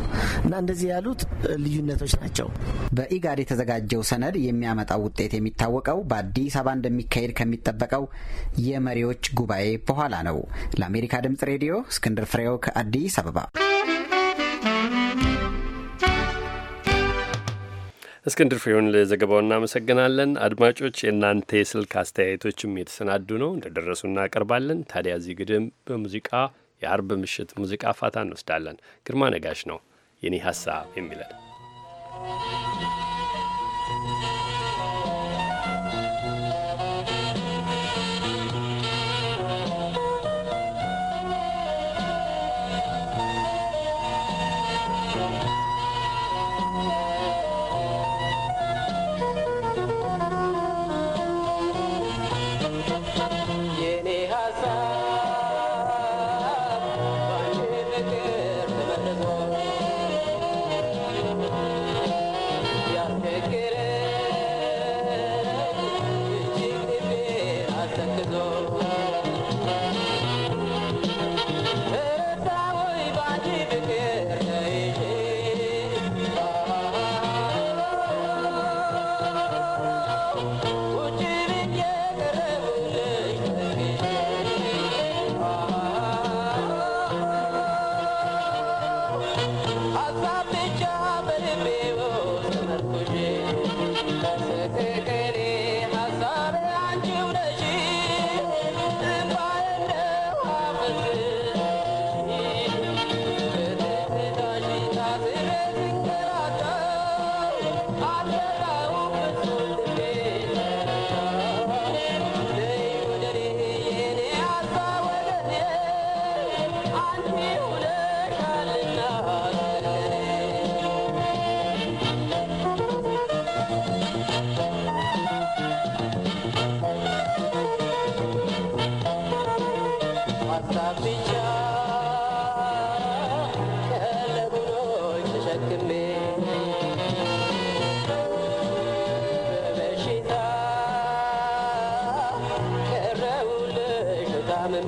እና እንደዚህ ያሉት ልዩነቶች ናቸው። በኢጋድ የተዘጋጀው ሰነድ የሚያመጣው ውጤት የሚታወቀው በአዲስ አበባ እንደሚካሄድ ከሚጠበቀው የመሪዎች ጉባኤ በኋላ ነው። ለአሜሪካ ድምጽ ሬዲዮ እስክንድር ፍሬው ከአዲስ አበባ። እስክንድር ፍሬውን ለዘገባው እናመሰግናለን። አድማጮች የእናንተ የስልክ አስተያየቶችም የተሰናዱ ነው እንደደረሱ እናቀርባለን። ታዲያ እዚህ ግድም በሙዚቃ የአርብ ምሽት ሙዚቃ ፋታ እንወስዳለን። ግርማ ነጋሽ ነው የኔ ሀሳብ የሚለን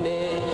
me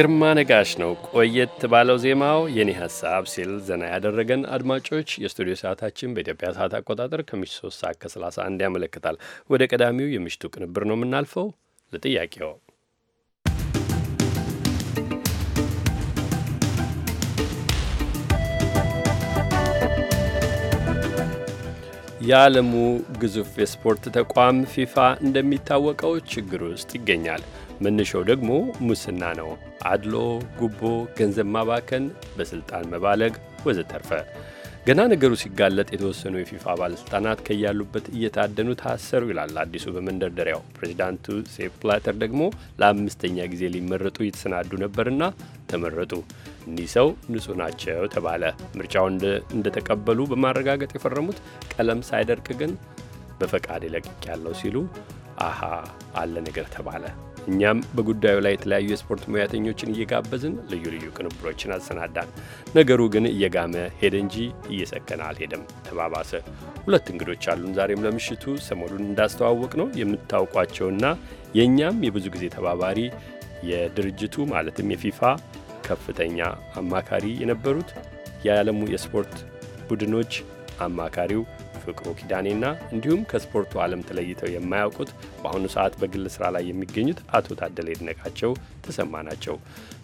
ግርማ ነጋሽ ነው ቆየት ባለው ዜማው የኔ ሀሳብ ሲል ዘና ያደረገን። አድማጮች የስቱዲዮ ሰዓታችን በኢትዮጵያ ሰዓት አቆጣጠር ከምሽቱ 3 ሰዓት ከ31 ያመለክታል። ወደ ቀዳሚው የምሽቱ ቅንብር ነው የምናልፈው። ለጥያቄው የዓለሙ ግዙፍ የስፖርት ተቋም ፊፋ እንደሚታወቀው ችግር ውስጥ ይገኛል። መነሻው ደግሞ ሙስና ነው። አድሎ፣ ጉቦ፣ ገንዘብ ማባከን፣ በሥልጣን መባለግ ወዘተርፈ። ገና ነገሩ ሲጋለጥ የተወሰኑ የፊፋ ባለሥልጣናት ከያሉበት እየታደኑ ታሰሩ ይላል አዲሱ በመንደርደሪያው። ፕሬዚዳንቱ ሴፕ ፕላተር ደግሞ ለአምስተኛ ጊዜ ሊመረጡ እየተሰናዱ ነበርና ተመረጡ። እኒህ ሰው ንጹሕ ናቸው ተባለ። ምርጫውን እንደተቀበሉ በማረጋገጥ የፈረሙት ቀለም ሳይደርቅ ግን በፈቃድ ይለቅቅ ያለው ሲሉ አሃ አለ ነገር ተባለ። እኛም በጉዳዩ ላይ የተለያዩ የስፖርት ሙያተኞችን እየጋበዝን ልዩ ልዩ ቅንብሮችን አሰናዳን። ነገሩ ግን እየጋመ ሄደ እንጂ እየሰከነ አልሄደም፣ ተባባሰ። ሁለት እንግዶች አሉን ዛሬም ለምሽቱ። ሰሞኑን እንዳስተዋወቅ ነው የምታውቋቸውና የእኛም የብዙ ጊዜ ተባባሪ የድርጅቱ ማለትም የፊፋ ከፍተኛ አማካሪ የነበሩት የዓለሙ የስፖርት ቡድኖች አማካሪው ፍቅሩ ኪዳኔና እንዲሁም ከስፖርቱ ዓለም ተለይተው የማያውቁት በአሁኑ ሰዓት በግል ስራ ላይ የሚገኙት አቶ ታደለ ይድነቃቸው ተሰማ ናቸው።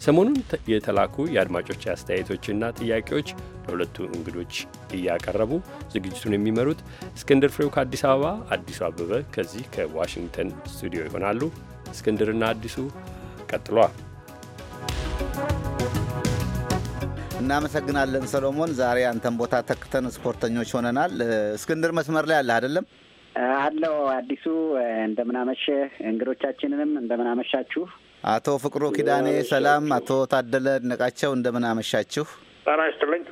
ሰሞኑን የተላኩ የአድማጮች አስተያየቶችና ጥያቄዎች ለሁለቱ እንግዶች እያቀረቡ ዝግጅቱን የሚመሩት እስክንድር ፍሬው ከአዲስ አበባ፣ አዲሱ አበበ ከዚህ ከዋሽንግተን ስቱዲዮ ይሆናሉ። እስክንድርና አዲሱ ቀጥሏል። እናመሰግናለን ሰሎሞን። ዛሬ አንተን ቦታ ተክተን ስፖርተኞች ሆነናል። እስክንድር መስመር ላይ አለ አይደለም? አለው አዲሱ፣ እንደምናመሸ እንግዶቻችንንም እንደምናመሻችሁ። አቶ ፍቅሩ ኪዳኔ ሰላም፣ አቶ ታደለ ድነቃቸው እንደምናመሻችሁ። ጤና ይስጥልኝ።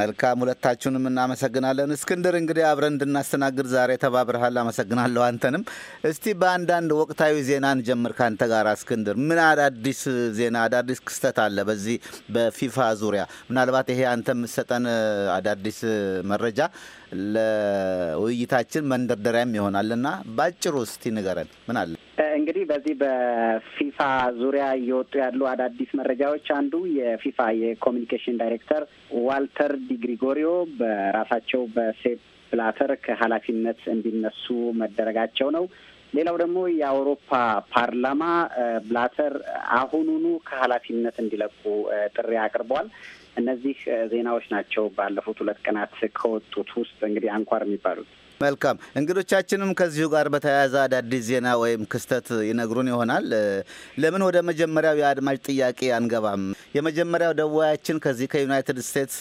መልካም ሁለታችሁንም እናመሰግናለን። እስክንድር እንግዲህ አብረን እንድናስተናግድ ዛሬ ተባብረሃል። አመሰግናለሁ አንተንም። እስቲ በአንዳንድ ወቅታዊ ዜና እንጀምር ከአንተ ጋር እስክንድር። ምን አዳዲስ ዜና አዳዲስ ክስተት አለ በዚህ በፊፋ ዙሪያ? ምናልባት ይሄ አንተ የምትሰጠን አዳዲስ መረጃ ለውይይታችን መንደርደሪያም ይሆናልና በአጭሩ እስቲ ንገረን ምን አለ? እንግዲህ በዚህ በፊፋ ዙሪያ እየወጡ ያሉ አዳዲስ መረጃዎች አንዱ የፊፋ የኮሚኒኬሽን ዳይሬክተር ዋልተር ዲግሪጎሪዮ በራሳቸው በሴፕ ብላተር ከኃላፊነት እንዲነሱ መደረጋቸው ነው። ሌላው ደግሞ የአውሮፓ ፓርላማ ብላተር አሁኑኑ ከኃላፊነት እንዲለቁ ጥሪ አቅርበዋል። እነዚህ ዜናዎች ናቸው ባለፉት ሁለት ቀናት ከወጡት ውስጥ እንግዲህ አንኳር የሚባሉት። መልካም እንግዶቻችንም ከዚሁ ጋር በተያያዘ አዳዲስ ዜና ወይም ክስተት ይነግሩን ይሆናል። ለምን ወደ መጀመሪያው የአድማጭ ጥያቄ አንገባም? የመጀመሪያው ደዋያችን ከዚህ ከዩናይትድ ስቴትስ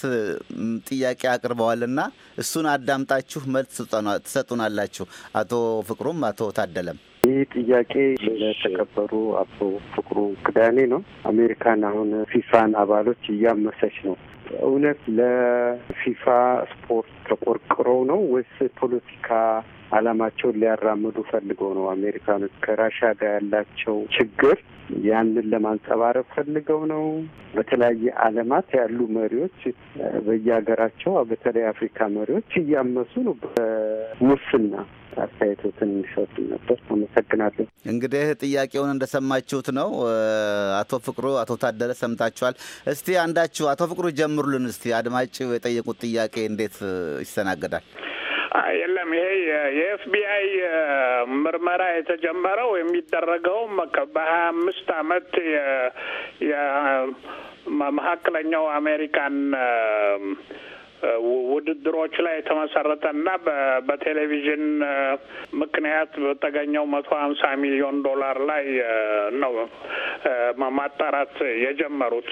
ጥያቄ አቅርበዋልና እሱን አዳምጣችሁ መልስ ትሰጡናላችሁ። አቶ ፍቅሩም አቶ ታደለም። ይህ ጥያቄ ለተከበሩ አቶ ፍቅሩ ክዳኔ ነው። አሜሪካን አሁን ፊፋን አባሎች እያመሰች ነው እውነት ለፊፋ ስፖርት ተቆርቅሮ ነው ወይስ ፖለቲካ አላማቸውን ሊያራምዱ ፈልገው ነው። አሜሪካኖች ከራሻ ጋር ያላቸው ችግር ያንን ለማንጸባረቅ ፈልገው ነው። በተለያየ አለማት ያሉ መሪዎች በየሀገራቸው በተለይ አፍሪካ መሪዎች እያመሱ ነው በሙስና አስተያየቶትን እንዲሰጡ ነበር። አመሰግናለሁ። እንግዲህ ጥያቄውን እንደሰማችሁት ነው። አቶ ፍቅሩ፣ አቶ ታደለ ሰምታችኋል። እስቲ አንዳችሁ አቶ ፍቅሩ ጀምሩልን። እስቲ አድማጭ የጠየቁት ጥያቄ እንዴት ይስተናገዳል? የለም ይሄ የኤፍቢአይ ምርመራ የተጀመረው የሚደረገውም በሀያ አምስት አመት መካከለኛው አሜሪካን ውድድሮች ላይ የተመሰረተ እና በቴሌቪዥን ምክንያት በተገኘው መቶ ሀምሳ ሚሊዮን ዶላር ላይ ነው ማጣራት የጀመሩት።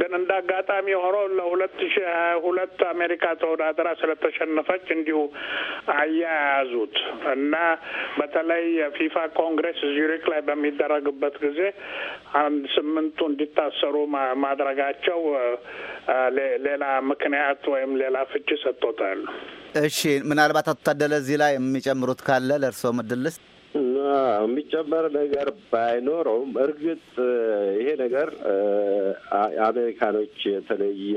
ግን እንደ አጋጣሚ ሆኖ ለሁለት ሺ ሀያ ሁለት አሜሪካ ተወዳድራ ስለተሸነፈች እንዲሁ አያያዙት እና በተለይ የፊፋ ኮንግሬስ ዙሪክ ላይ በሚደረግበት ጊዜ አንድ ስምንቱ እንዲታሰሩ ማድረጋቸው ሌላ ምክንያት ወይም ሌላ ፍቺ ሰጥቶታል። እሺ፣ ምናልባት አቶ ታደለ እዚህ ላይ የሚጨምሩት ካለ ለእርስዎ ምድልስ የሚጨመር ነገር ባይኖረውም እርግጥ ይሄ ነገር አሜሪካኖች የተለየ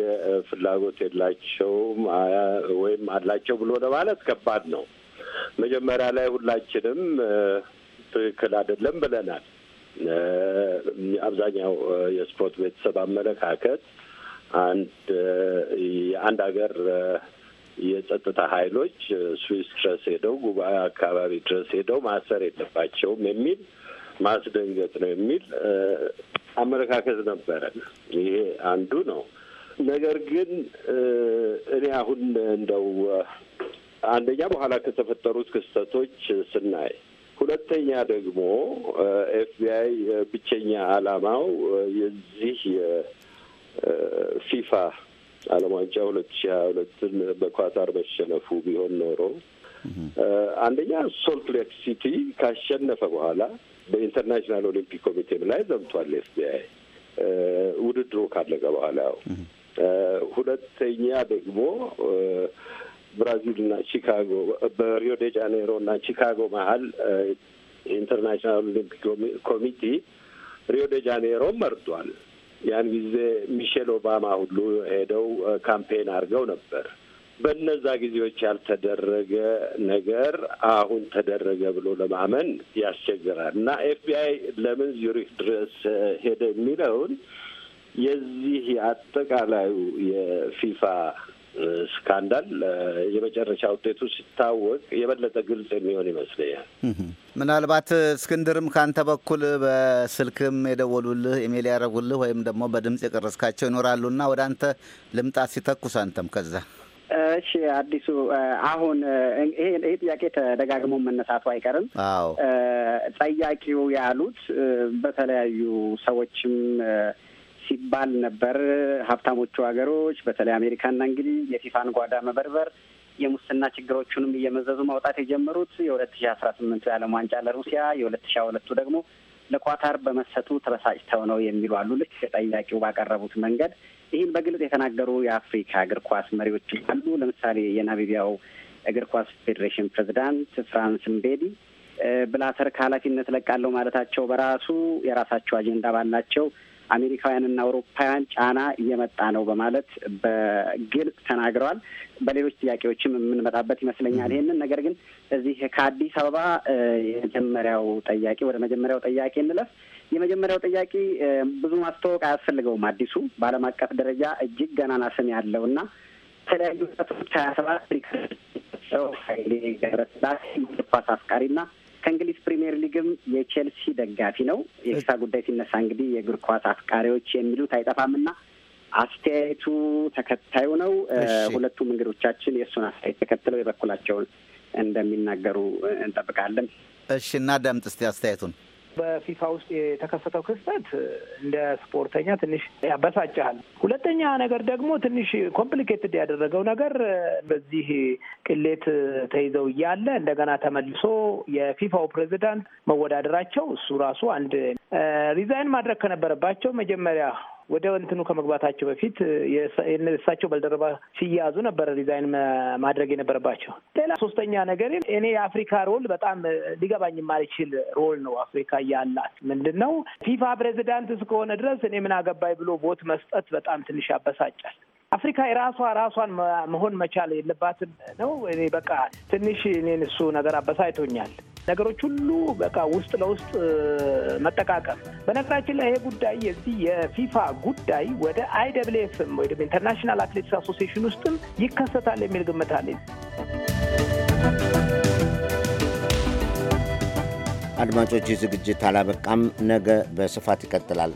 ፍላጎት የላቸውም ወይም አላቸው ብሎ ለማለት ከባድ ነው። መጀመሪያ ላይ ሁላችንም ትክክል አይደለም ብለናል። አብዛኛው የስፖርት ቤተሰብ አመለካከት አንድ የአንድ ሀገር የጸጥታ ኃይሎች ስዊስ ድረስ ሄደው ጉባኤ አካባቢ ድረስ ሄደው ማሰር የለባቸውም የሚል ማስደንገጥ ነው የሚል አመለካከት ነበረ። ይሄ አንዱ ነው። ነገር ግን እኔ አሁን እንደው አንደኛ በኋላ ከተፈጠሩት ክስተቶች ስናይ፣ ሁለተኛ ደግሞ ኤፍቢአይ ብቸኛ ዓላማው የዚህ ፊፋ ዓለም ዋንጫ ሁለት ሺ ሀያ ሁለትን በኳታር መሸነፉ ቢሆን ኖሮ አንደኛ ሶልት ሌክ ሲቲ ካሸነፈ በኋላ በኢንተርናሽናል ኦሊምፒክ ኮሚቴም ላይ ዘምቷል። ኤፍቢአይ ውድድሩ ካለቀ በኋላ ያው ሁለተኛ ደግሞ ብራዚልና ቺካጎ በሪዮ ዴ ጃኔሮ እና ቺካጎ መሀል ኢንተርናሽናል ኦሊምፒክ ኮሚቴ ሪዮ ዴ ጃኔሮ መርዷል። ያን ጊዜ ሚሼል ኦባማ ሁሉ ሄደው ካምፔን አድርገው ነበር። በነዛ ጊዜዎች ያልተደረገ ነገር አሁን ተደረገ ብሎ ለማመን ያስቸግራል። እና ኤፍቢአይ ለምን ዙሪክ ድረስ ሄደ የሚለውን የዚህ የአጠቃላዩ የፊፋ ስካንዳል የመጨረሻ ውጤቱ ሲታወቅ የበለጠ ግልጽ የሚሆን ይመስለኛል። ምናልባት እስክንድርም ካንተ በኩል በስልክም የደወሉልህ ኢሜል ያደረጉልህ ወይም ደግሞ በድምፅ የቀረስካቸው ይኖራሉና ወደ አንተ ልምጣት ሲተኩስ አንተም ከዛ እሺ አዲሱ አሁን ይሄ ጥያቄ ተደጋግሞ መነሳቱ አይቀርም። አዎ ጠያቂው ያሉት በተለያዩ ሰዎችም ሲባል ነበር። ሀብታሞቹ ሀገሮች በተለይ አሜሪካና እንግዲህ የፊፋን ጓዳ መበርበር የሙስና ችግሮቹንም እየመዘዙ ማውጣት የጀመሩት የሁለት ሺ አስራ ስምንቱ የዓለም ዋንጫ ለሩሲያ የሁለት ሺ ሁለቱ ደግሞ ለኳታር በመሰጡ ተበሳጭተው ነው የሚሉ አሉ። ልክ ጠያቂው ባቀረቡት መንገድ ይህን በግልጽ የተናገሩ የአፍሪካ እግር ኳስ መሪዎች አሉ። ለምሳሌ የናሚቢያው እግር ኳስ ፌዴሬሽን ፕሬዚዳንት ፍራንስ ምቤዲ ብላተር ከኃላፊነት ለቃለው ማለታቸው በራሱ የራሳቸው አጀንዳ ባላቸው አሜሪካውያንና አውሮፓውያን ጫና እየመጣ ነው በማለት በግልጽ ተናግረዋል። በሌሎች ጥያቄዎችም የምንመጣበት ይመስለኛል ይሄንን። ነገር ግን እዚህ ከአዲስ አበባ የመጀመሪያው ጠያቂ ወደ መጀመሪያው ጠያቂ እንለፍ። የመጀመሪያው ጥያቄ ብዙ ማስተዋወቅ አያስፈልገውም። አዲሱ በዓለም አቀፍ ደረጃ እጅግ ገናና ስም ያለው እና የተለያዩ ቶች ሀያ ሰባት ሰው ኃይሌ ገብረስላሴ አፍቃሪና ከእንግሊዝ ፕሪምየር ሊግም የቼልሲ ደጋፊ ነው። የኪሳ ጉዳይ ሲነሳ እንግዲህ የእግር ኳስ አፍቃሪዎች የሚሉት አይጠፋምና አስተያየቱ ተከታዩ ነው። ሁለቱም እንግዶቻችን የእሱን አስተያየት ተከትለው የበኩላቸውን እንደሚናገሩ እንጠብቃለን። እሺ፣ እና ደምጥ እስቲ አስተያየቱን በፊፋ ውስጥ የተከሰተው ክስተት እንደ ስፖርተኛ ትንሽ ያበሳጫል። ሁለተኛ ነገር ደግሞ ትንሽ ኮምፕሊኬትድ ያደረገው ነገር በዚህ ቅሌት ተይዘው እያለ እንደገና ተመልሶ የፊፋው ፕሬዚዳንት መወዳደራቸው እሱ ራሱ አንድ ሪዛይን ማድረግ ከነበረባቸው መጀመሪያ ወደ እንትኑ ከመግባታቸው በፊት የሳቸው ባልደረባ ሲያዙ ነበረ ዲዛይን ማድረግ የነበረባቸው። ሌላ ሶስተኛ ነገር እኔ የአፍሪካ ሮል በጣም ሊገባኝ የማልችል ሮል ነው አፍሪካ ያላት ምንድን ነው ፊፋ ፕሬዚዳንት እስከሆነ ድረስ እኔ ምን አገባኝ ብሎ ቦት መስጠት በጣም ትንሽ ያበሳጫል። አፍሪካ የራሷ ራሷን መሆን መቻል የለባትም ነው። እኔ በቃ ትንሽ እኔን እሱ ነገር አበሳጭቶኛል። ነገሮች ሁሉ በቃ ውስጥ ለውስጥ መጠቃቀም። በነገራችን ላይ ይሄ ጉዳይ የዚህ የፊፋ ጉዳይ ወደ አይ ደብል ኤፍም ወይ ደግሞ ኢንተርናሽናል አትሌቲክስ አሶሲሽን ውስጥም ይከሰታል የሚል ግምት አለኝ። አድማጮች፣ ይህ ዝግጅት አላበቃም፣ ነገ በስፋት ይቀጥላል።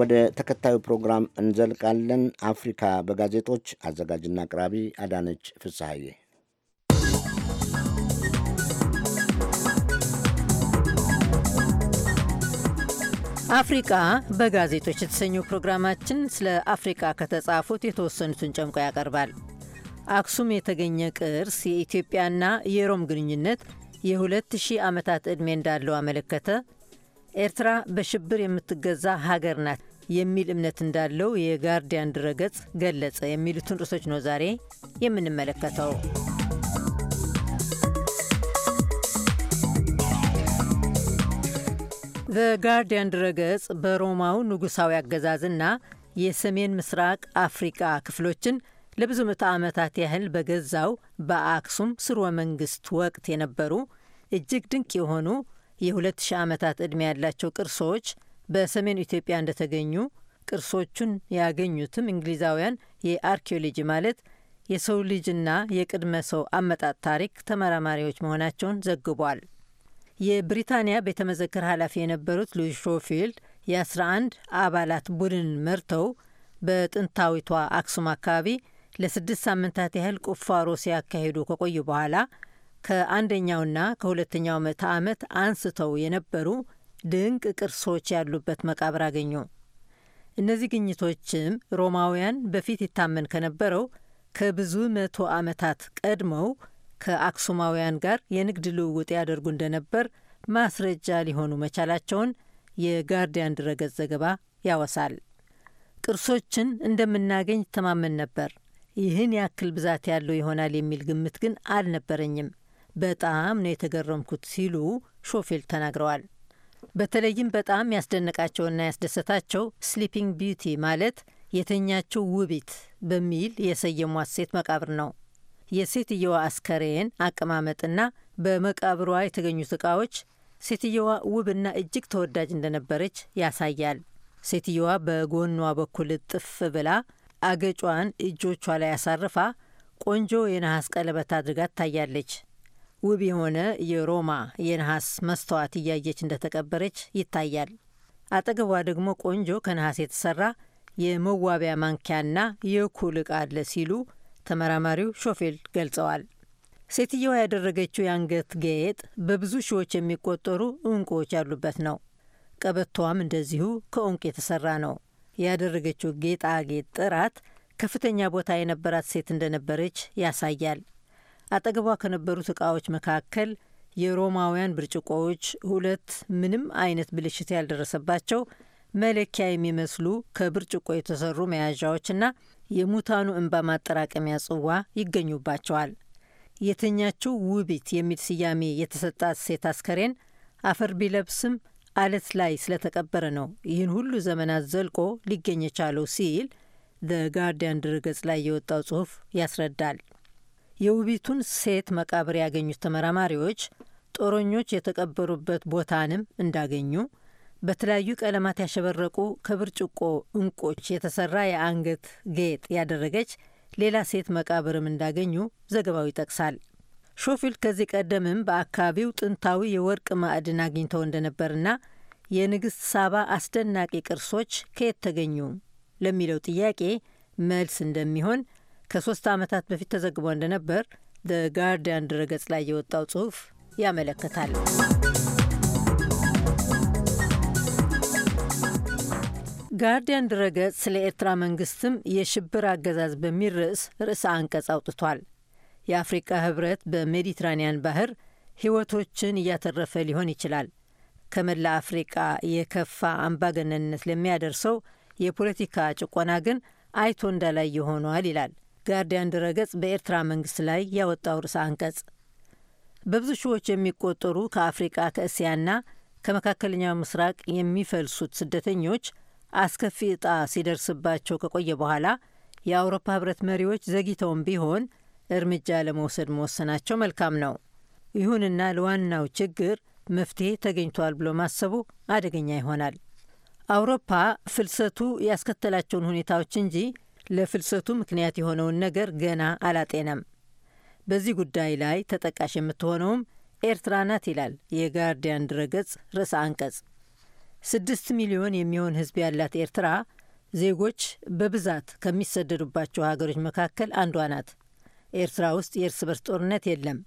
ወደ ተከታዩ ፕሮግራም እንዘልቃለን። አፍሪካ በጋዜጦች አዘጋጅና አቅራቢ አዳነች ፍስሐዬ አፍሪቃ በጋዜጦች የተሰኘው ፕሮግራማችን ስለ አፍሪቃ ከተጻፉት የተወሰኑትን ጨምቆ ያቀርባል። አክሱም የተገኘ ቅርስ የኢትዮጵያና የሮም ግንኙነት የ2000 ዓመታት ዕድሜ እንዳለው አመለከተ፣ ኤርትራ በሽብር የምትገዛ ሀገር ናት የሚል እምነት እንዳለው የጋርዲያን ድረገጽ ገለጸ፣ የሚሉትን ርዕሶች ነው ዛሬ የምንመለከተው። ዘጋርዲያን ድረገጽ በሮማው ንጉሳዊ አገዛዝና የሰሜን ምስራቅ አፍሪቃ ክፍሎችን ለብዙ ምዕተ ዓመታት ያህል በገዛው በአክሱም ስርወ መንግስት ወቅት የነበሩ እጅግ ድንቅ የሆኑ የ2000 ዓመታት ዕድሜ ያላቸው ቅርሶች በሰሜን ኢትዮጵያ እንደተገኙ ቅርሶቹን ያገኙትም እንግሊዛውያን የአርኪኦሎጂ ማለት የሰው ልጅና የቅድመ ሰው አመጣጥ ታሪክ ተመራማሪዎች መሆናቸውን ዘግቧል። የብሪታንያ ቤተ መዘክር ኃላፊ የነበሩት ሉዊስ ሾፊልድ የ11 አባላት ቡድን መርተው በጥንታዊቷ አክሱም አካባቢ ለስድስት ሳምንታት ያህል ቁፋሮ ሲያካሂዱ ከቆዩ በኋላ ከአንደኛውና ከሁለተኛው ምዕተ ዓመት አንስተው የነበሩ ድንቅ ቅርሶች ያሉበት መቃብር አገኙ። እነዚህ ግኝቶችም ሮማውያን በፊት ይታመን ከነበረው ከብዙ መቶ ዓመታት ቀድመው ከአክሱማውያን ጋር የንግድ ልውውጥ ያደርጉ እንደነበር ማስረጃ ሊሆኑ መቻላቸውን የጋርዲያን ድረገጽ ዘገባ ያወሳል። ቅርሶችን እንደምናገኝ ተማመን ነበር። ይህን ያክል ብዛት ያለው ይሆናል የሚል ግምት ግን አልነበረኝም። በጣም ነው የተገረምኩት ሲሉ ሾፌል ተናግረዋል። በተለይም በጣም ያስደነቃቸውና ያስደሰታቸው ስሊፒንግ ቢዩቲ ማለት የተኛቸው ውቢት በሚል የሰየሟት ሴት መቃብር ነው። የሴትየዋ አስከሬን አቀማመጥና በመቃብሯ የተገኙት ዕቃዎች ሴትየዋ ውብና እጅግ ተወዳጅ እንደነበረች ያሳያል። ሴትየዋ በጎኗ በኩል ጥፍ ብላ አገጯን እጆቿ ላይ አሳርፋ ቆንጆ የነሐስ ቀለበት አድርጋ ትታያለች። ውብ የሆነ የሮማ የነሐስ መስተዋት እያየች እንደተቀበረች ይታያል። አጠገቧ ደግሞ ቆንጆ ከነሐስ የተሰራ የመዋቢያ ማንኪያና የኩል እቃ አለ ሲሉ ተመራማሪው ሾፌልድ ገልጸዋል። ሴትየዋ ያደረገችው የአንገት ጌጥ በብዙ ሺዎች የሚቆጠሩ ዕንቁዎች ያሉበት ነው። ቀበቶዋም እንደዚሁ ከእንቁ የተሰራ ነው። ያደረገችው ጌጣጌጥ ጥራት ከፍተኛ ቦታ የነበራት ሴት እንደነበረች ያሳያል። አጠገቧ ከነበሩት ዕቃዎች መካከል የሮማውያን ብርጭቆዎች፣ ሁለት ምንም አይነት ብልሽት ያልደረሰባቸው መለኪያ የሚመስሉ ከብርጭቆ የተሰሩ መያዣዎችና የሙታኑ እንባ ማጠራቀሚያ ጽዋ ይገኙባቸዋል። የተኛችው ውቢት የሚል ስያሜ የተሰጣት ሴት አስከሬን አፈር ቢለብስም አለት ላይ ስለተቀበረ ነው ይህን ሁሉ ዘመናት ዘልቆ ሊገኝ የቻለው ሲል በጋርዲያን ድረገጽ ላይ የወጣው ጽሑፍ ያስረዳል። የውቢቱን ሴት መቃብር ያገኙት ተመራማሪዎች ጦረኞች የተቀበሩበት ቦታንም እንዳገኙ በተለያዩ ቀለማት ያሸበረቁ ከብርጭቆ እንቆች የተሰራ የአንገት ጌጥ ያደረገች ሌላ ሴት መቃብርም እንዳገኙ ዘገባው ይጠቅሳል። ሾፊልድ ከዚህ ቀደምም በአካባቢው ጥንታዊ የወርቅ ማዕድን አግኝተው እንደነበርና የንግሥት ሳባ አስደናቂ ቅርሶች ከየት ተገኙ ለሚለው ጥያቄ መልስ እንደሚሆን ከሶስት ዓመታት በፊት ተዘግቦ እንደነበር በጋርዲያን ድረገጽ ላይ የወጣው ጽሑፍ ያመለክታል። ጋርዲያን ድረገጽ ስለ ኤርትራ መንግስትም የሽብር አገዛዝ በሚል ርዕስ ርዕሰ አንቀጽ አውጥቷል። የአፍሪቃ ህብረት በሜዲትራኒያን ባህር ህይወቶችን እያተረፈ ሊሆን ይችላል፣ ከመላ አፍሪቃ የከፋ አምባገነንነት ለሚያደርሰው የፖለቲካ ጭቆና ግን አይቶ እንዳላየ ሆኗል ይላል ጋርዲያን ድረገጽ በኤርትራ መንግስት ላይ ያወጣው ርዕሰ አንቀጽ። በብዙ ሺዎች የሚቆጠሩ ከአፍሪቃ ከእስያና ከመካከለኛው ምስራቅ የሚፈልሱት ስደተኞች አስከፊ እጣ ሲደርስባቸው ከቆየ በኋላ የአውሮፓ ህብረት መሪዎች ዘግይተውም ቢሆን እርምጃ ለመውሰድ መወሰናቸው መልካም ነው። ይሁንና ለዋናው ችግር መፍትሄ ተገኝቷል ብሎ ማሰቡ አደገኛ ይሆናል። አውሮፓ ፍልሰቱ ያስከተላቸውን ሁኔታዎች እንጂ ለፍልሰቱ ምክንያት የሆነውን ነገር ገና አላጤነም። በዚህ ጉዳይ ላይ ተጠቃሽ የምትሆነውም ኤርትራ ናት ይላል የጋርዲያን ድረገጽ ርዕሰ አንቀጽ። ስድስት ሚሊዮን የሚሆን ህዝብ ያላት ኤርትራ ዜጎች በብዛት ከሚሰደዱባቸው ሀገሮች መካከል አንዷ ናት። ኤርትራ ውስጥ የእርስ በርስ ጦርነት የለም።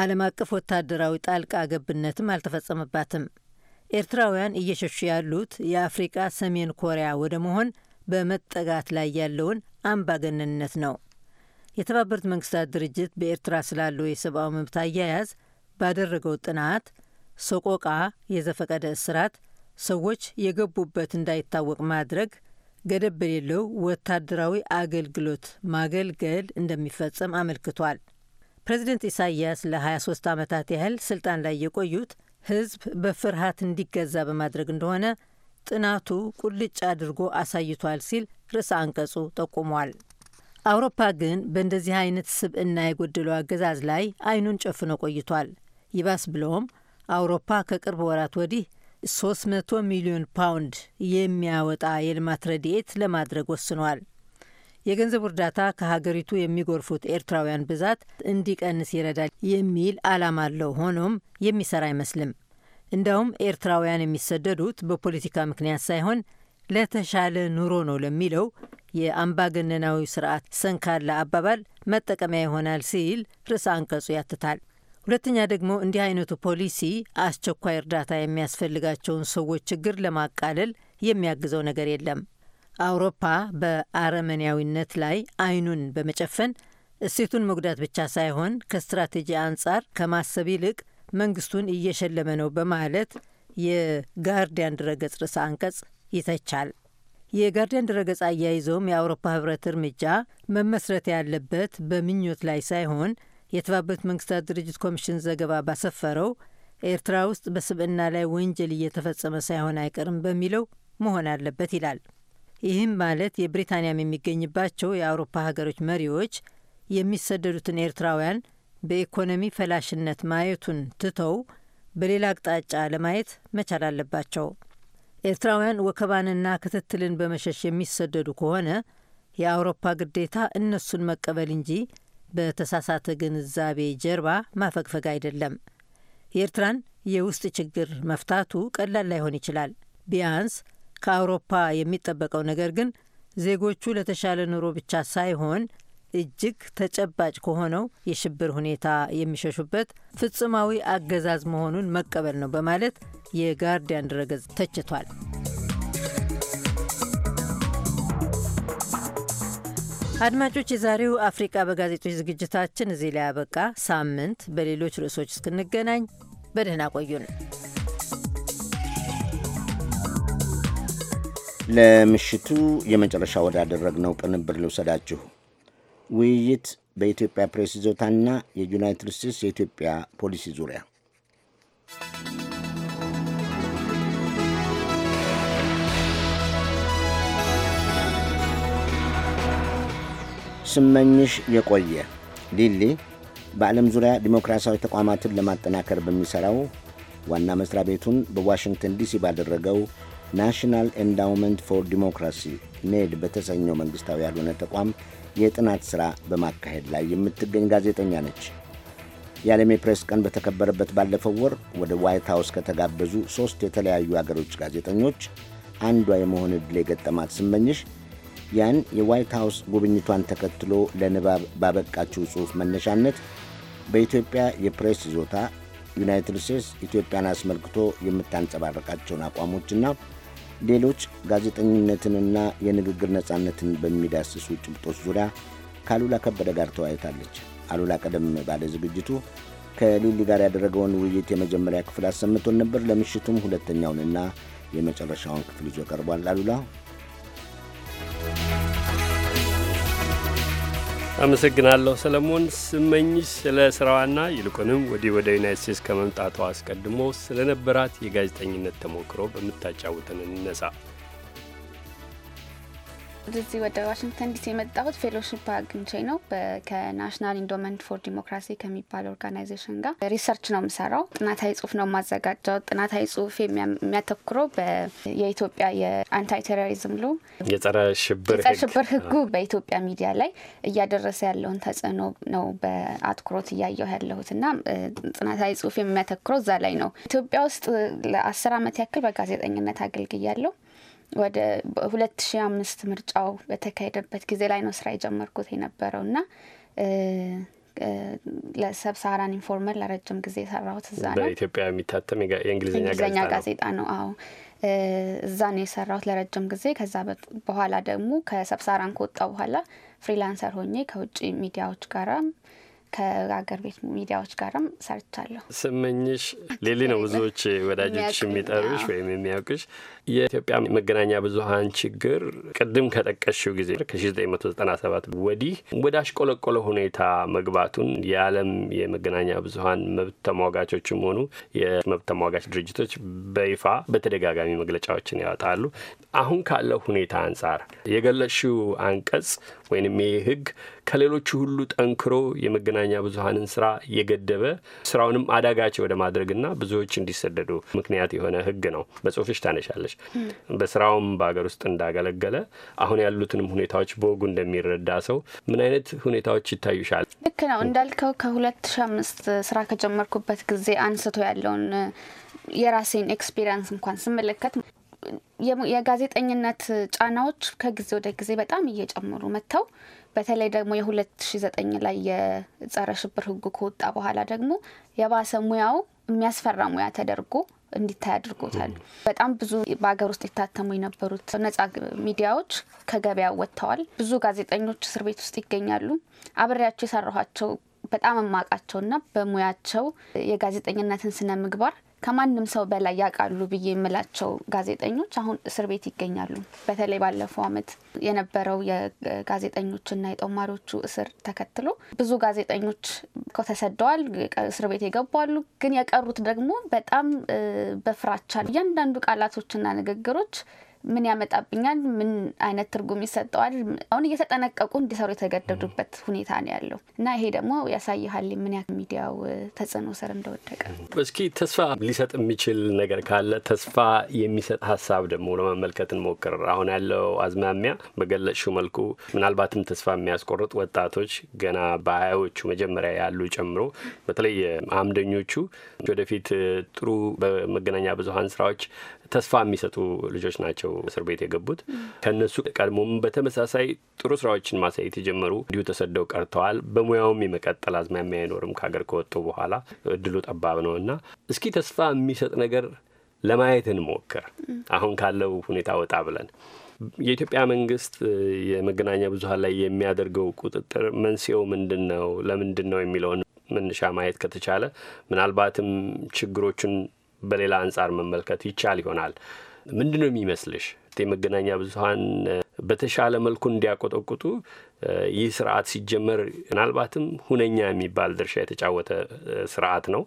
ዓለም አቀፍ ወታደራዊ ጣልቃ ገብነትም አልተፈጸመባትም። ኤርትራውያን እየሸሹ ያሉት የአፍሪቃ ሰሜን ኮሪያ ወደ መሆን በመጠጋት ላይ ያለውን አምባገነንነት ነው። የተባበሩት መንግስታት ድርጅት በኤርትራ ስላለው የሰብአዊ መብት አያያዝ ባደረገው ጥናት ሰቆቃ፣ የዘፈቀደ እስራት ሰዎች የገቡበት እንዳይታወቅ ማድረግ ገደብ በሌለው ወታደራዊ አገልግሎት ማገልገል እንደሚፈጸም አመልክቷል። ፕሬዚደንት ኢሳይያስ ለ23 ዓመታት ያህል ስልጣን ላይ የቆዩት ሕዝብ በፍርሃት እንዲገዛ በማድረግ እንደሆነ ጥናቱ ቁልጭ አድርጎ አሳይቷል ሲል ርዕሰ አንቀጹ ጠቁሟል። አውሮፓ ግን በእንደዚህ አይነት ስብዕና የጎደለው አገዛዝ ላይ አይኑን ጨፍኖ ቆይቷል። ይባስ ብለውም አውሮፓ ከቅርብ ወራት ወዲህ 300 ሚሊዮን ፓውንድ የሚያወጣ የልማት ረድኤት ለማድረግ ወስኗል። የገንዘብ እርዳታ ከሀገሪቱ የሚጎርፉት ኤርትራውያን ብዛት እንዲቀንስ ይረዳል የሚል ዓላማ አለው። ሆኖም የሚሰራ አይመስልም። እንዲያውም ኤርትራውያን የሚሰደዱት በፖለቲካ ምክንያት ሳይሆን ለተሻለ ኑሮ ነው ለሚለው የአምባገነናዊ ስርዓት ሰንካላ አባባል መጠቀሚያ ይሆናል ሲል ርዕሰ አንቀጹ ያትታል። ሁለተኛ ደግሞ እንዲህ አይነቱ ፖሊሲ አስቸኳይ እርዳታ የሚያስፈልጋቸውን ሰዎች ችግር ለማቃለል የሚያግዘው ነገር የለም። አውሮፓ በአረመኔያዊነት ላይ አይኑን በመጨፈን እሴቱን መጉዳት ብቻ ሳይሆን ከስትራቴጂ አንጻር ከማሰብ ይልቅ መንግስቱን እየሸለመ ነው በማለት የጋርዲያን ድረገጽ ርዕሰ አንቀጽ ይተቻል። የጋርዲያን ድረገጽ አያይዘውም የአውሮፓ ህብረት እርምጃ መመስረት ያለበት በምኞት ላይ ሳይሆን የተባበሩት መንግስታት ድርጅት ኮሚሽን ዘገባ ባሰፈረው ኤርትራ ውስጥ በስብዕና ላይ ወንጀል እየተፈጸመ ሳይሆን አይቀርም በሚለው መሆን አለበት ይላል። ይህም ማለት የብሪታንያም የሚገኝባቸው የአውሮፓ ሀገሮች መሪዎች የሚሰደዱትን ኤርትራውያን በኢኮኖሚ ፈላሽነት ማየቱን ትተው በሌላ አቅጣጫ ለማየት መቻል አለባቸው። ኤርትራውያን ወከባንና ክትትልን በመሸሽ የሚሰደዱ ከሆነ የአውሮፓ ግዴታ እነሱን መቀበል እንጂ በተሳሳተ ግንዛቤ ጀርባ ማፈግፈግ አይደለም። የኤርትራን የውስጥ ችግር መፍታቱ ቀላል ላይሆን ይችላል። ቢያንስ ከአውሮፓ የሚጠበቀው ነገር ግን ዜጎቹ ለተሻለ ኑሮ ብቻ ሳይሆን እጅግ ተጨባጭ ከሆነው የሽብር ሁኔታ የሚሸሹበት ፍጹማዊ አገዛዝ መሆኑን መቀበል ነው በማለት የጋርዲያን ድረገጽ ተችቷል። አድማጮች፣ የዛሬው አፍሪቃ በጋዜጦች ዝግጅታችን እዚህ ላይ ያበቃ። ሳምንት በሌሎች ርዕሶች እስክንገናኝ በደህና ቆዩን። ለምሽቱ የመጨረሻ ወዳደረግነው ቅንብር ልውሰዳችሁ። ውይይት በኢትዮጵያ ፕሬስ ይዞታና የዩናይትድ ስቴትስ የኢትዮጵያ ፖሊሲ ዙሪያ ስመኝሽ የቆየ ሊሊ በዓለም ዙሪያ ዲሞክራሲያዊ ተቋማትን ለማጠናከር በሚሠራው ዋና መሥሪያ ቤቱን በዋሽንግተን ዲሲ ባደረገው ናሽናል ኤንዳውመንት ፎር ዲሞክራሲ ኔድ በተሰኘው መንግሥታዊ ያልሆነ ተቋም የጥናት ሥራ በማካሄድ ላይ የምትገኝ ጋዜጠኛ ነች። የዓለም የፕሬስ ቀን በተከበረበት ባለፈው ወር ወደ ዋይት ሃውስ ከተጋበዙ ሦስት የተለያዩ አገሮች ጋዜጠኞች አንዷ የመሆን ዕድል የገጠማት ስመኝሽ ያን የዋይት ሃውስ ጉብኝቷን ተከትሎ ለንባብ ባበቃችው ጽሑፍ መነሻነት በኢትዮጵያ የፕሬስ ይዞታ ዩናይትድ ስቴትስ ኢትዮጵያን አስመልክቶ የምታንጸባርቃቸውን አቋሞችና ሌሎች ጋዜጠኝነትንና የንግግር ነጻነትን በሚዳስሱ ጭብጦች ዙሪያ ከአሉላ ከበደ ጋር ተወያይታለች። አሉላ ቀደም ባለ ዝግጅቱ ከሊሊ ጋር ያደረገውን ውይይት የመጀመሪያ ክፍል አሰምቶን ነበር። ለምሽቱም ሁለተኛውንና የመጨረሻውን ክፍል ይዞ ቀርቧል። አሉላ አመሰግናለሁ ሰለሞን ስመኝሽ ስለ ስራዋና ይልቁንም ወዲህ ወደ ዩናይት ስቴትስ ከመምጣቷ አስቀድሞ ስለነበራት የጋዜጠኝነት ተሞክሮ በምታጫውተን እንነሳ። እዚህ ወደ ዋሽንግተን ዲሲ የመጣሁት ፌሎሺፕ አግኝቼ ነው። ከናሽናል ኢንዶመንት ፎር ዲሞክራሲ ከሚባል ኦርጋናይዜሽን ጋር ሪሰርች ነው የምሰራው። ጥናታዊ ጽሁፍ ነው የማዘጋጀው። ጥናታዊ ጽሁፍ የሚያተኩረው የኢትዮጵያ የአንታይ ቴሮሪዝም ሉ የጸረ ሽብር ህጉ በኢትዮጵያ ሚዲያ ላይ እያደረሰ ያለውን ተጽዕኖ ነው በአትኩሮት እያየሁ ያለሁት እና ጥናታዊ ጽሁፍ የሚያተኩረው እዛ ላይ ነው። ኢትዮጵያ ውስጥ ለአስር አመት ያክል በጋዜጠኝነት አገልግያለሁ። ወደ ሁለት ሺ አምስት ምርጫው በተካሄደበት ጊዜ ላይ ነው ስራ የጀመርኩት የነበረው እና ለሰብሳራን ኢንፎርመር ለረጅም ጊዜ የሰራሁት እዛ ነው። በኢትዮጵያ የሚታተም የእንግሊዝኛ ጋዜጣ ነው። አዎ እዛ ነው የሰራሁት ለረጅም ጊዜ። ከዛ በኋላ ደግሞ ከሰብሳራን ከወጣው በኋላ ፍሪላንሰር ሆኜ ከውጭ ሚዲያዎች ጋራ ከአገር ቤት ሚዲያዎች ጋርም ሰርቻለሁ። ስመኝሽ ሌሊ ነው ብዙዎች ወዳጆች የሚጠሩሽ ወይም የሚያውቅሽ። የኢትዮጵያ መገናኛ ብዙኃን ችግር ቅድም ከጠቀሽው ጊዜ ከ1997 ወዲህ ወደ አሽቆለቆለ ሁኔታ መግባቱን የዓለም የመገናኛ ብዙኃን መብት ተሟጋቾችም ሆኑ የመብት ተሟጋች ድርጅቶች በይፋ በተደጋጋሚ መግለጫዎችን ያወጣሉ። አሁን ካለው ሁኔታ አንጻር የገለሽው አንቀጽ ወይንም ይህ ህግ ከሌሎቹ ሁሉ ጠንክሮ የመገናኛ ብዙሀንን ስራ እየገደበ ስራውንም አዳጋች ወደ ማድረግና ብዙዎች እንዲሰደዱ ምክንያት የሆነ ህግ ነው። በጽሁፍሽ ታነሻለሽ። በስራውም በሀገር ውስጥ እንዳገለገለ አሁን ያሉትንም ሁኔታዎች በወጉ እንደሚረዳ ሰው ምን አይነት ሁኔታዎች ይታዩሻል? ልክ ነው እንዳልከው ከ ሺ ስራ ከጀመርኩበት ጊዜ አንስቶ ያለውን የራሴን ኤክስፒሪንስ እንኳን ስመለከት የጋዜጠኝነት ጫናዎች ከጊዜ ወደ ጊዜ በጣም እየጨመሩ መጥተው በተለይ ደግሞ የ2009 ላይ የጸረ ሽብር ህጉ ከወጣ በኋላ ደግሞ የባሰ ሙያው የሚያስፈራ ሙያ ተደርጎ እንዲታይ አድርጎታል። በጣም ብዙ በሀገር ውስጥ የታተሙ የነበሩት ነጻ ሚዲያዎች ከገበያ ወጥተዋል። ብዙ ጋዜጠኞች እስር ቤት ውስጥ ይገኛሉ። አብሬያቸው የሰራኋቸው በጣም እማቃቸውና በሙያቸው የጋዜጠኝነትን ስነ ምግባር ከማንም ሰው በላይ ያውቃሉ ብዬ የምላቸው ጋዜጠኞች አሁን እስር ቤት ይገኛሉ። በተለይ ባለፈው አመት የነበረው የጋዜጠኞችና የጦማሪዎቹ እስር ተከትሎ ብዙ ጋዜጠኞች ተሰደዋል፣ እስር ቤት የገቧሉ። ግን የቀሩት ደግሞ በጣም በፍራቻ እያንዳንዱ ቃላቶችና ንግግሮች ምን ያመጣብኛል፣ ምን አይነት ትርጉም ይሰጠዋል፣ አሁን እየተጠነቀቁ እንዲሰሩ የተገደዱበት ሁኔታ ነው ያለው እና ይሄ ደግሞ ያሳይሃል ምን ያህል ሚዲያው ተጽዕኖ ስር እንደወደቀ። እስኪ ተስፋ ሊሰጥ የሚችል ነገር ካለ ተስፋ የሚሰጥ ሀሳብ ደግሞ ለመመልከት እንሞክር። አሁን ያለው አዝማሚያ በገለጽሽው መልኩ ምናልባትም ተስፋ የሚያስቆርጥ ወጣቶች ገና በሀያዎቹ መጀመሪያ ያሉ ጨምሮ በተለይ አምደኞቹ ወደፊት ጥሩ በመገናኛ ብዙሀን ስራዎች ተስፋ የሚሰጡ ልጆች ናቸው እስር ቤት የገቡት። ከእነሱ ቀድሞም በተመሳሳይ ጥሩ ስራዎችን ማሳየት የጀመሩ እንዲሁ ተሰደው ቀርተዋል። በሙያውም የመቀጠል አዝማሚያ አይኖርም ከሀገር ከወጡ በኋላ እድሉ ጠባብ ነው እና እስኪ ተስፋ የሚሰጥ ነገር ለማየት እንሞክር። አሁን ካለው ሁኔታ ወጣ ብለን የኢትዮጵያ መንግስት የመገናኛ ብዙኃን ላይ የሚያደርገው ቁጥጥር መንስኤው ምንድን ነው፣ ለምንድን ነው የሚለውን መነሻ ማየት ከተቻለ ምናልባትም ችግሮቹን በሌላ አንጻር መመልከት ይቻል ይሆናል። ምንድን ነው የሚመስልሽ የመገናኛ ብዙሀን በተሻለ መልኩ እንዲያቆጠቁጡ ይህ ስርዓት ሲጀመር ምናልባትም ሁነኛ የሚባል ድርሻ የተጫወተ ስርዓት ነው።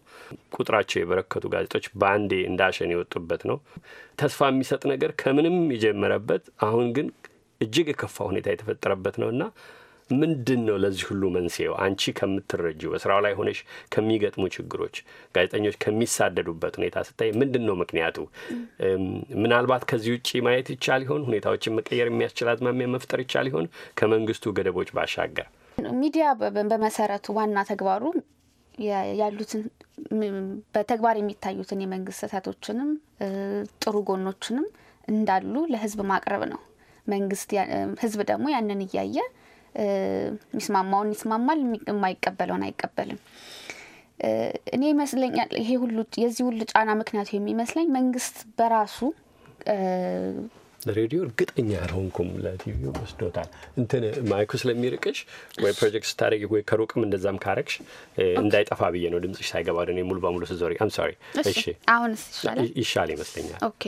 ቁጥራቸው የበረከቱ ጋዜጦች በአንዴ እንዳሸን የወጡበት ነው። ተስፋ የሚሰጥ ነገር ከምንም የጀመረበት አሁን ግን እጅግ የከፋ ሁኔታ የተፈጠረበት ነው እና ምንድን ነው ለዚህ ሁሉ መንስኤው? አንቺ ከምትረጂው በስራው ላይ ሆነሽ ከሚገጥሙ ችግሮች፣ ጋዜጠኞች ከሚሳደዱበት ሁኔታ ስታይ ምንድን ነው ምክንያቱ? ምናልባት ከዚህ ውጭ ማየት ይቻል ይሆን? ሁኔታዎችን መቀየር የሚያስችል አዝማሚያ መፍጠር ይቻል ይሆን? ከመንግስቱ ገደቦች ባሻገር ሚዲያ በመሰረቱ ዋና ተግባሩ ያሉትን በተግባር የሚታዩትን የመንግስት ስህተቶችንም ጥሩ ጎኖችንም እንዳሉ ለህዝብ ማቅረብ ነው። መንግስት ህዝብ ደግሞ ያንን እያየ የሚስማማውን ይስማማል፣ የማይቀበለውን አይቀበልም። እኔ ይመስለኛል ይሄ ሁሉ የዚህ ሁሉ ጫና ምክንያቱ የሚመስለኝ መንግስት በራሱ ሬዲዮ እርግጠኛ ያልሆንኩም ለቲቪ ወስዶታል። እንትን ማይኩ ስለሚርቅሽ ወይ ፕሮጀክት ስታደረግ ወይ ከሩቅም እንደዛም ካረግሽ እንዳይጠፋ ብዬ ነው ድምጽሽ ሳይገባ ደ ሙሉ በሙሉ ስዞሪ አም ሶሪ። እሺ አሁንስ ይሻል ይመስለኛል። ኦኬ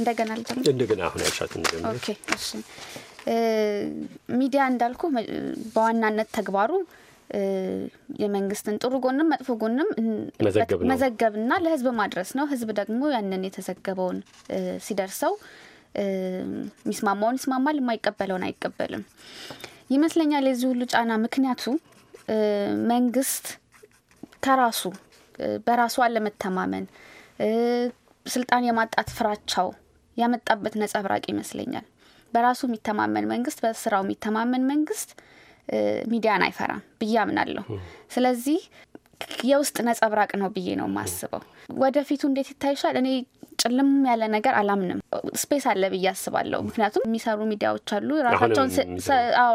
እንደገና ልጀምር። እንደገና አሁን ያልሻት ኦኬ እሺ ሚዲያ እንዳልኩ በዋናነት ተግባሩ የመንግስትን ጥሩ ጎንም መጥፎ ጎንም መዘገብና ለህዝብ ማድረስ ነው። ህዝብ ደግሞ ያንን የተዘገበውን ሲደርሰው የሚስማማውን ይስማማል፣ የማይቀበለውን አይቀበልም። ይመስለኛል የዚህ ሁሉ ጫና ምክንያቱ መንግስት ከራሱ በራሱ አለመተማመን፣ ስልጣን የማጣት ፍራቻው ያመጣበት ነጸብራቅ ይመስለኛል። በራሱ የሚተማመን መንግስት፣ በስራው የሚተማመን መንግስት ሚዲያን አይፈራም ብዬ አምናለሁ። ስለዚህ የውስጥ ነጸብራቅ ነው ብዬ ነው የማስበው። ወደፊቱ እንዴት ይታይሻል? እኔ ጭልም ያለ ነገር አላምንም። ስፔስ አለ ብዬ አስባለሁ። ምክንያቱም የሚሰሩ ሚዲያዎች አሉ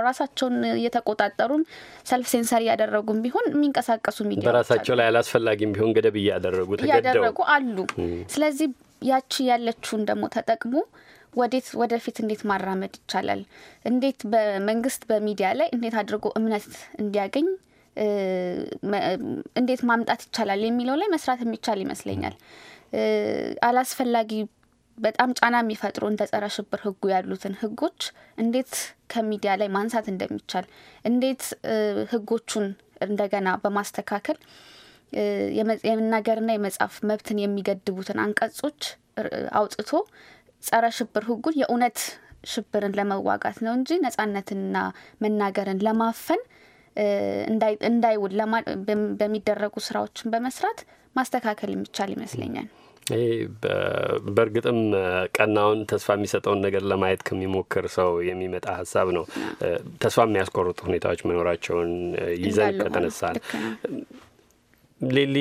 ራሳቸውን እየተቆጣጠሩም ሰልፍ ሴንሰር እያደረጉም ቢሆን የሚንቀሳቀሱ ሚዲያዎች በራሳቸው ላይ አላስፈላጊም ቢሆን ገደብ እያደረጉ ተገደው እያደረጉ አሉ። ስለዚህ ያቺ ያለችውን ደግሞ ተጠቅሞ ወዴት ወደፊት እንዴት ማራመድ ይቻላል? እንዴት በመንግስት በሚዲያ ላይ እንዴት አድርጎ እምነት እንዲያገኝ እንዴት ማምጣት ይቻላል የሚለው ላይ መስራት የሚቻል ይመስለኛል። አላስፈላጊ በጣም ጫና የሚፈጥሩ እንደ ጸረ ሽብር ህጉ ያሉትን ህጎች እንዴት ከሚዲያ ላይ ማንሳት እንደሚቻል እንዴት ህጎቹን እንደገና በማስተካከል የመናገርና የመጻፍ መብትን የሚገድቡትን አንቀጾች አውጥቶ ጸረ ሽብር ህጉን የእውነት ሽብርን ለመዋጋት ነው እንጂ ነጻነትንና መናገርን ለማፈን እንዳይውል በሚደረጉ ስራዎችን በመስራት ማስተካከል የሚቻል ይመስለኛል። ይህ በእርግጥም ቀናውን ተስፋ የሚሰጠውን ነገር ለማየት ከሚሞክር ሰው የሚመጣ ሀሳብ ነው። ተስፋ የሚያስቆርጡ ሁኔታዎች መኖራቸውን ይዘን ከተነሳን ሌሊ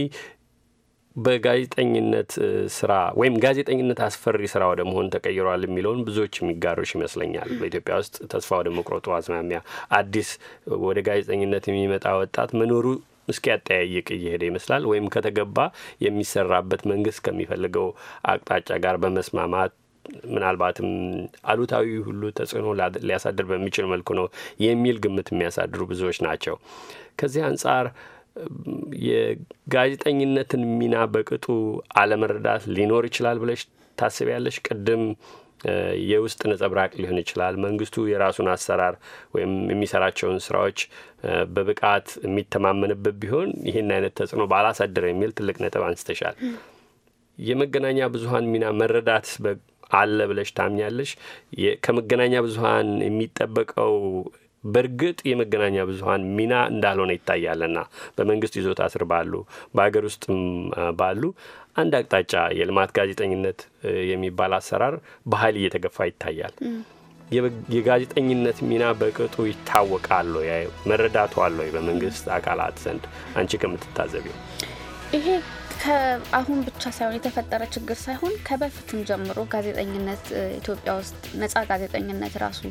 በጋዜጠኝነት ስራ ወይም ጋዜጠኝነት አስፈሪ ስራ ወደ መሆን ተቀይሯል የሚለውን ብዙዎች የሚጋሩሽ ይመስለኛል። በኢትዮጵያ ውስጥ ተስፋ ወደ መቁረጡ አዝማሚያ አዲስ ወደ ጋዜጠኝነት የሚመጣ ወጣት መኖሩ እስኪያጠያይቅ እየሄደ ይመስላል። ወይም ከተገባ የሚሰራበት መንግስት ከሚፈልገው አቅጣጫ ጋር በመስማማት ምናልባትም አሉታዊ ሁሉ ተጽዕኖ ሊያሳድር በሚችል መልኩ ነው የሚል ግምት የሚያሳድሩ ብዙዎች ናቸው። ከዚህ አንጻር የጋዜጠኝነትን ሚና በቅጡ አለመረዳት ሊኖር ይችላል ብለሽ ታስቢያለሽ? ቅድም የውስጥ ነጸብራቅ ሊሆን ይችላል። መንግስቱ የራሱን አሰራር ወይም የሚሰራቸውን ስራዎች በብቃት የሚተማመንበት ቢሆን ይህን አይነት ተጽዕኖ ባላሳደረ የሚል ትልቅ ነጥብ አንስተሻል። የመገናኛ ብዙኃን ሚና መረዳት አለ ብለሽ ታምኛለሽ? ከመገናኛ ብዙኃን የሚጠበቀው በእርግጥ የመገናኛ ብዙሀን ሚና እንዳልሆነ ይታያልና በመንግስት ይዞታ ስር ባሉ በሀገር ውስጥም ባሉ አንድ አቅጣጫ የልማት ጋዜጠኝነት የሚባል አሰራር በኃይል እየተገፋ ይታያል። የጋዜጠኝነት ሚና በቅጡ ይታወቃል ወይ? መረዳቱ አለ ወይ በመንግስት አካላት ዘንድ አንቺ ከምትታዘቢው? ይሄ ከአሁን ብቻ ሳይሆን የተፈጠረ ችግር ሳይሆን ከበፊትም ጀምሮ ጋዜጠኝነት ኢትዮጵያ ውስጥ ነጻ ጋዜጠኝነት ራሱ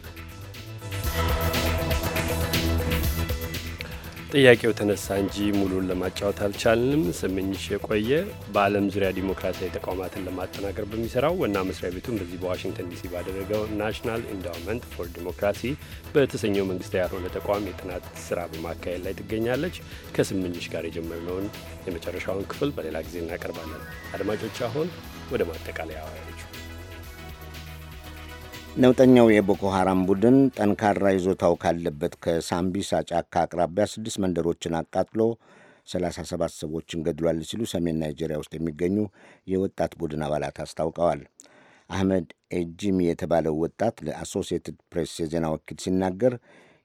ጥያቄው ተነሳ እንጂ ሙሉን ለማጫወት አልቻልንም። ስምኝሽ የቆየ በዓለም ዙሪያ ዲሞክራሲያዊ ተቋማትን ለማጠናከር በሚሰራው ዋና መስሪያ ቤቱን በዚህ በዋሽንግተን ዲሲ ባደረገው ናሽናል ኢንዳውመንት ፎር ዲሞክራሲ በተሰኘው መንግስታዊ ያልሆነ ተቋም የጥናት ስራ በማካሄድ ላይ ትገኛለች። ከስምኝሽ ጋር የጀመርነውን የመጨረሻውን ክፍል በሌላ ጊዜ እናቀርባለን። አድማጮች፣ አሁን ወደ ማጠቃለያ አዋሪዎች ነውጠኛው የቦኮ ሐራም ቡድን ጠንካራ ይዞታው ካለበት ከሳምቢሳ ጫካ አቅራቢያ ስድስት መንደሮችን አቃጥሎ 37 ሰዎችን ገድሏል ሲሉ ሰሜን ናይጄሪያ ውስጥ የሚገኙ የወጣት ቡድን አባላት አስታውቀዋል። አህመድ ኤጂሚ የተባለው ወጣት ለአሶሲየትድ ፕሬስ የዜና ወኪል ሲናገር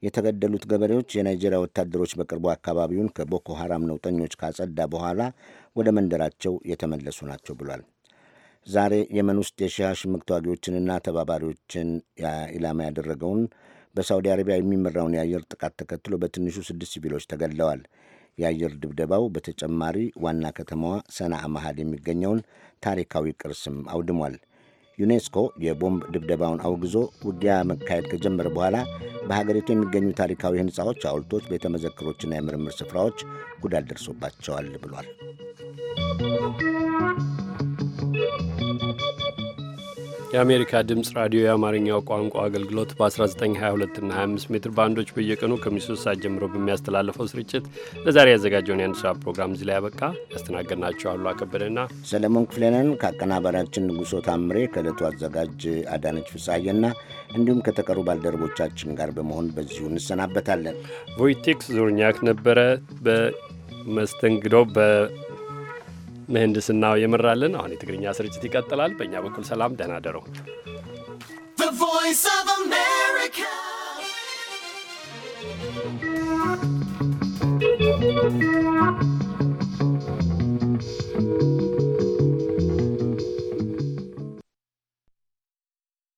የተገደሉት ገበሬዎች የናይጄሪያ ወታደሮች በቅርቡ አካባቢውን ከቦኮ ሐራም ነውጠኞች ካጸዳ በኋላ ወደ መንደራቸው የተመለሱ ናቸው ብሏል። ዛሬ የመን ውስጥ የሺያ ሽምቅ ተዋጊዎችንና ተባባሪዎችን ኢላማ ያደረገውን በሳውዲ አረቢያ የሚመራውን የአየር ጥቃት ተከትሎ በትንሹ ስድስት ሲቪሎች ተገድለዋል። የአየር ድብደባው በተጨማሪ ዋና ከተማዋ ሰናአ መሃል የሚገኘውን ታሪካዊ ቅርስም አውድሟል። ዩኔስኮ የቦምብ ድብደባውን አውግዞ ውጊያ መካሄድ ከጀመረ በኋላ በሀገሪቱ የሚገኙ ታሪካዊ ሕንፃዎች፣ ሐውልቶች፣ ቤተ መዘክሮችና የምርምር ስፍራዎች ጉዳት ደርሶባቸዋል ብሏል። የአሜሪካ ድምፅ ራዲዮ የአማርኛው ቋንቋ አገልግሎት በ1922 እና 25 ሜትር ባንዶች በየቀኑ ከምሽቱ ሶስት ሰዓት ጀምሮ በሚያስተላልፈው ስርጭት ለዛሬ ያዘጋጀውን የአንድ ሰዓት ፕሮግራም እዚህ ላይ ያበቃ። ያስተናገድናቸው አሉ አከበደና ሰለሞን ክፍሌነን ከአቀናባሪያችን ንጉሶ ታምሬ ከእለቱ አዘጋጅ አዳነች ፍሳዬና እንዲሁም ከተቀሩ ባልደረቦቻችን ጋር በመሆን በዚሁ እንሰናበታለን። ቮይቴክስ ዞርኛክ ነበረ በመስተንግዶ በ ምህንድስናው የመራልን። አሁን የትግርኛ ስርጭት ይቀጥላል። በእኛ በኩል ሰላም፣ ደህና ደረው። Thank you.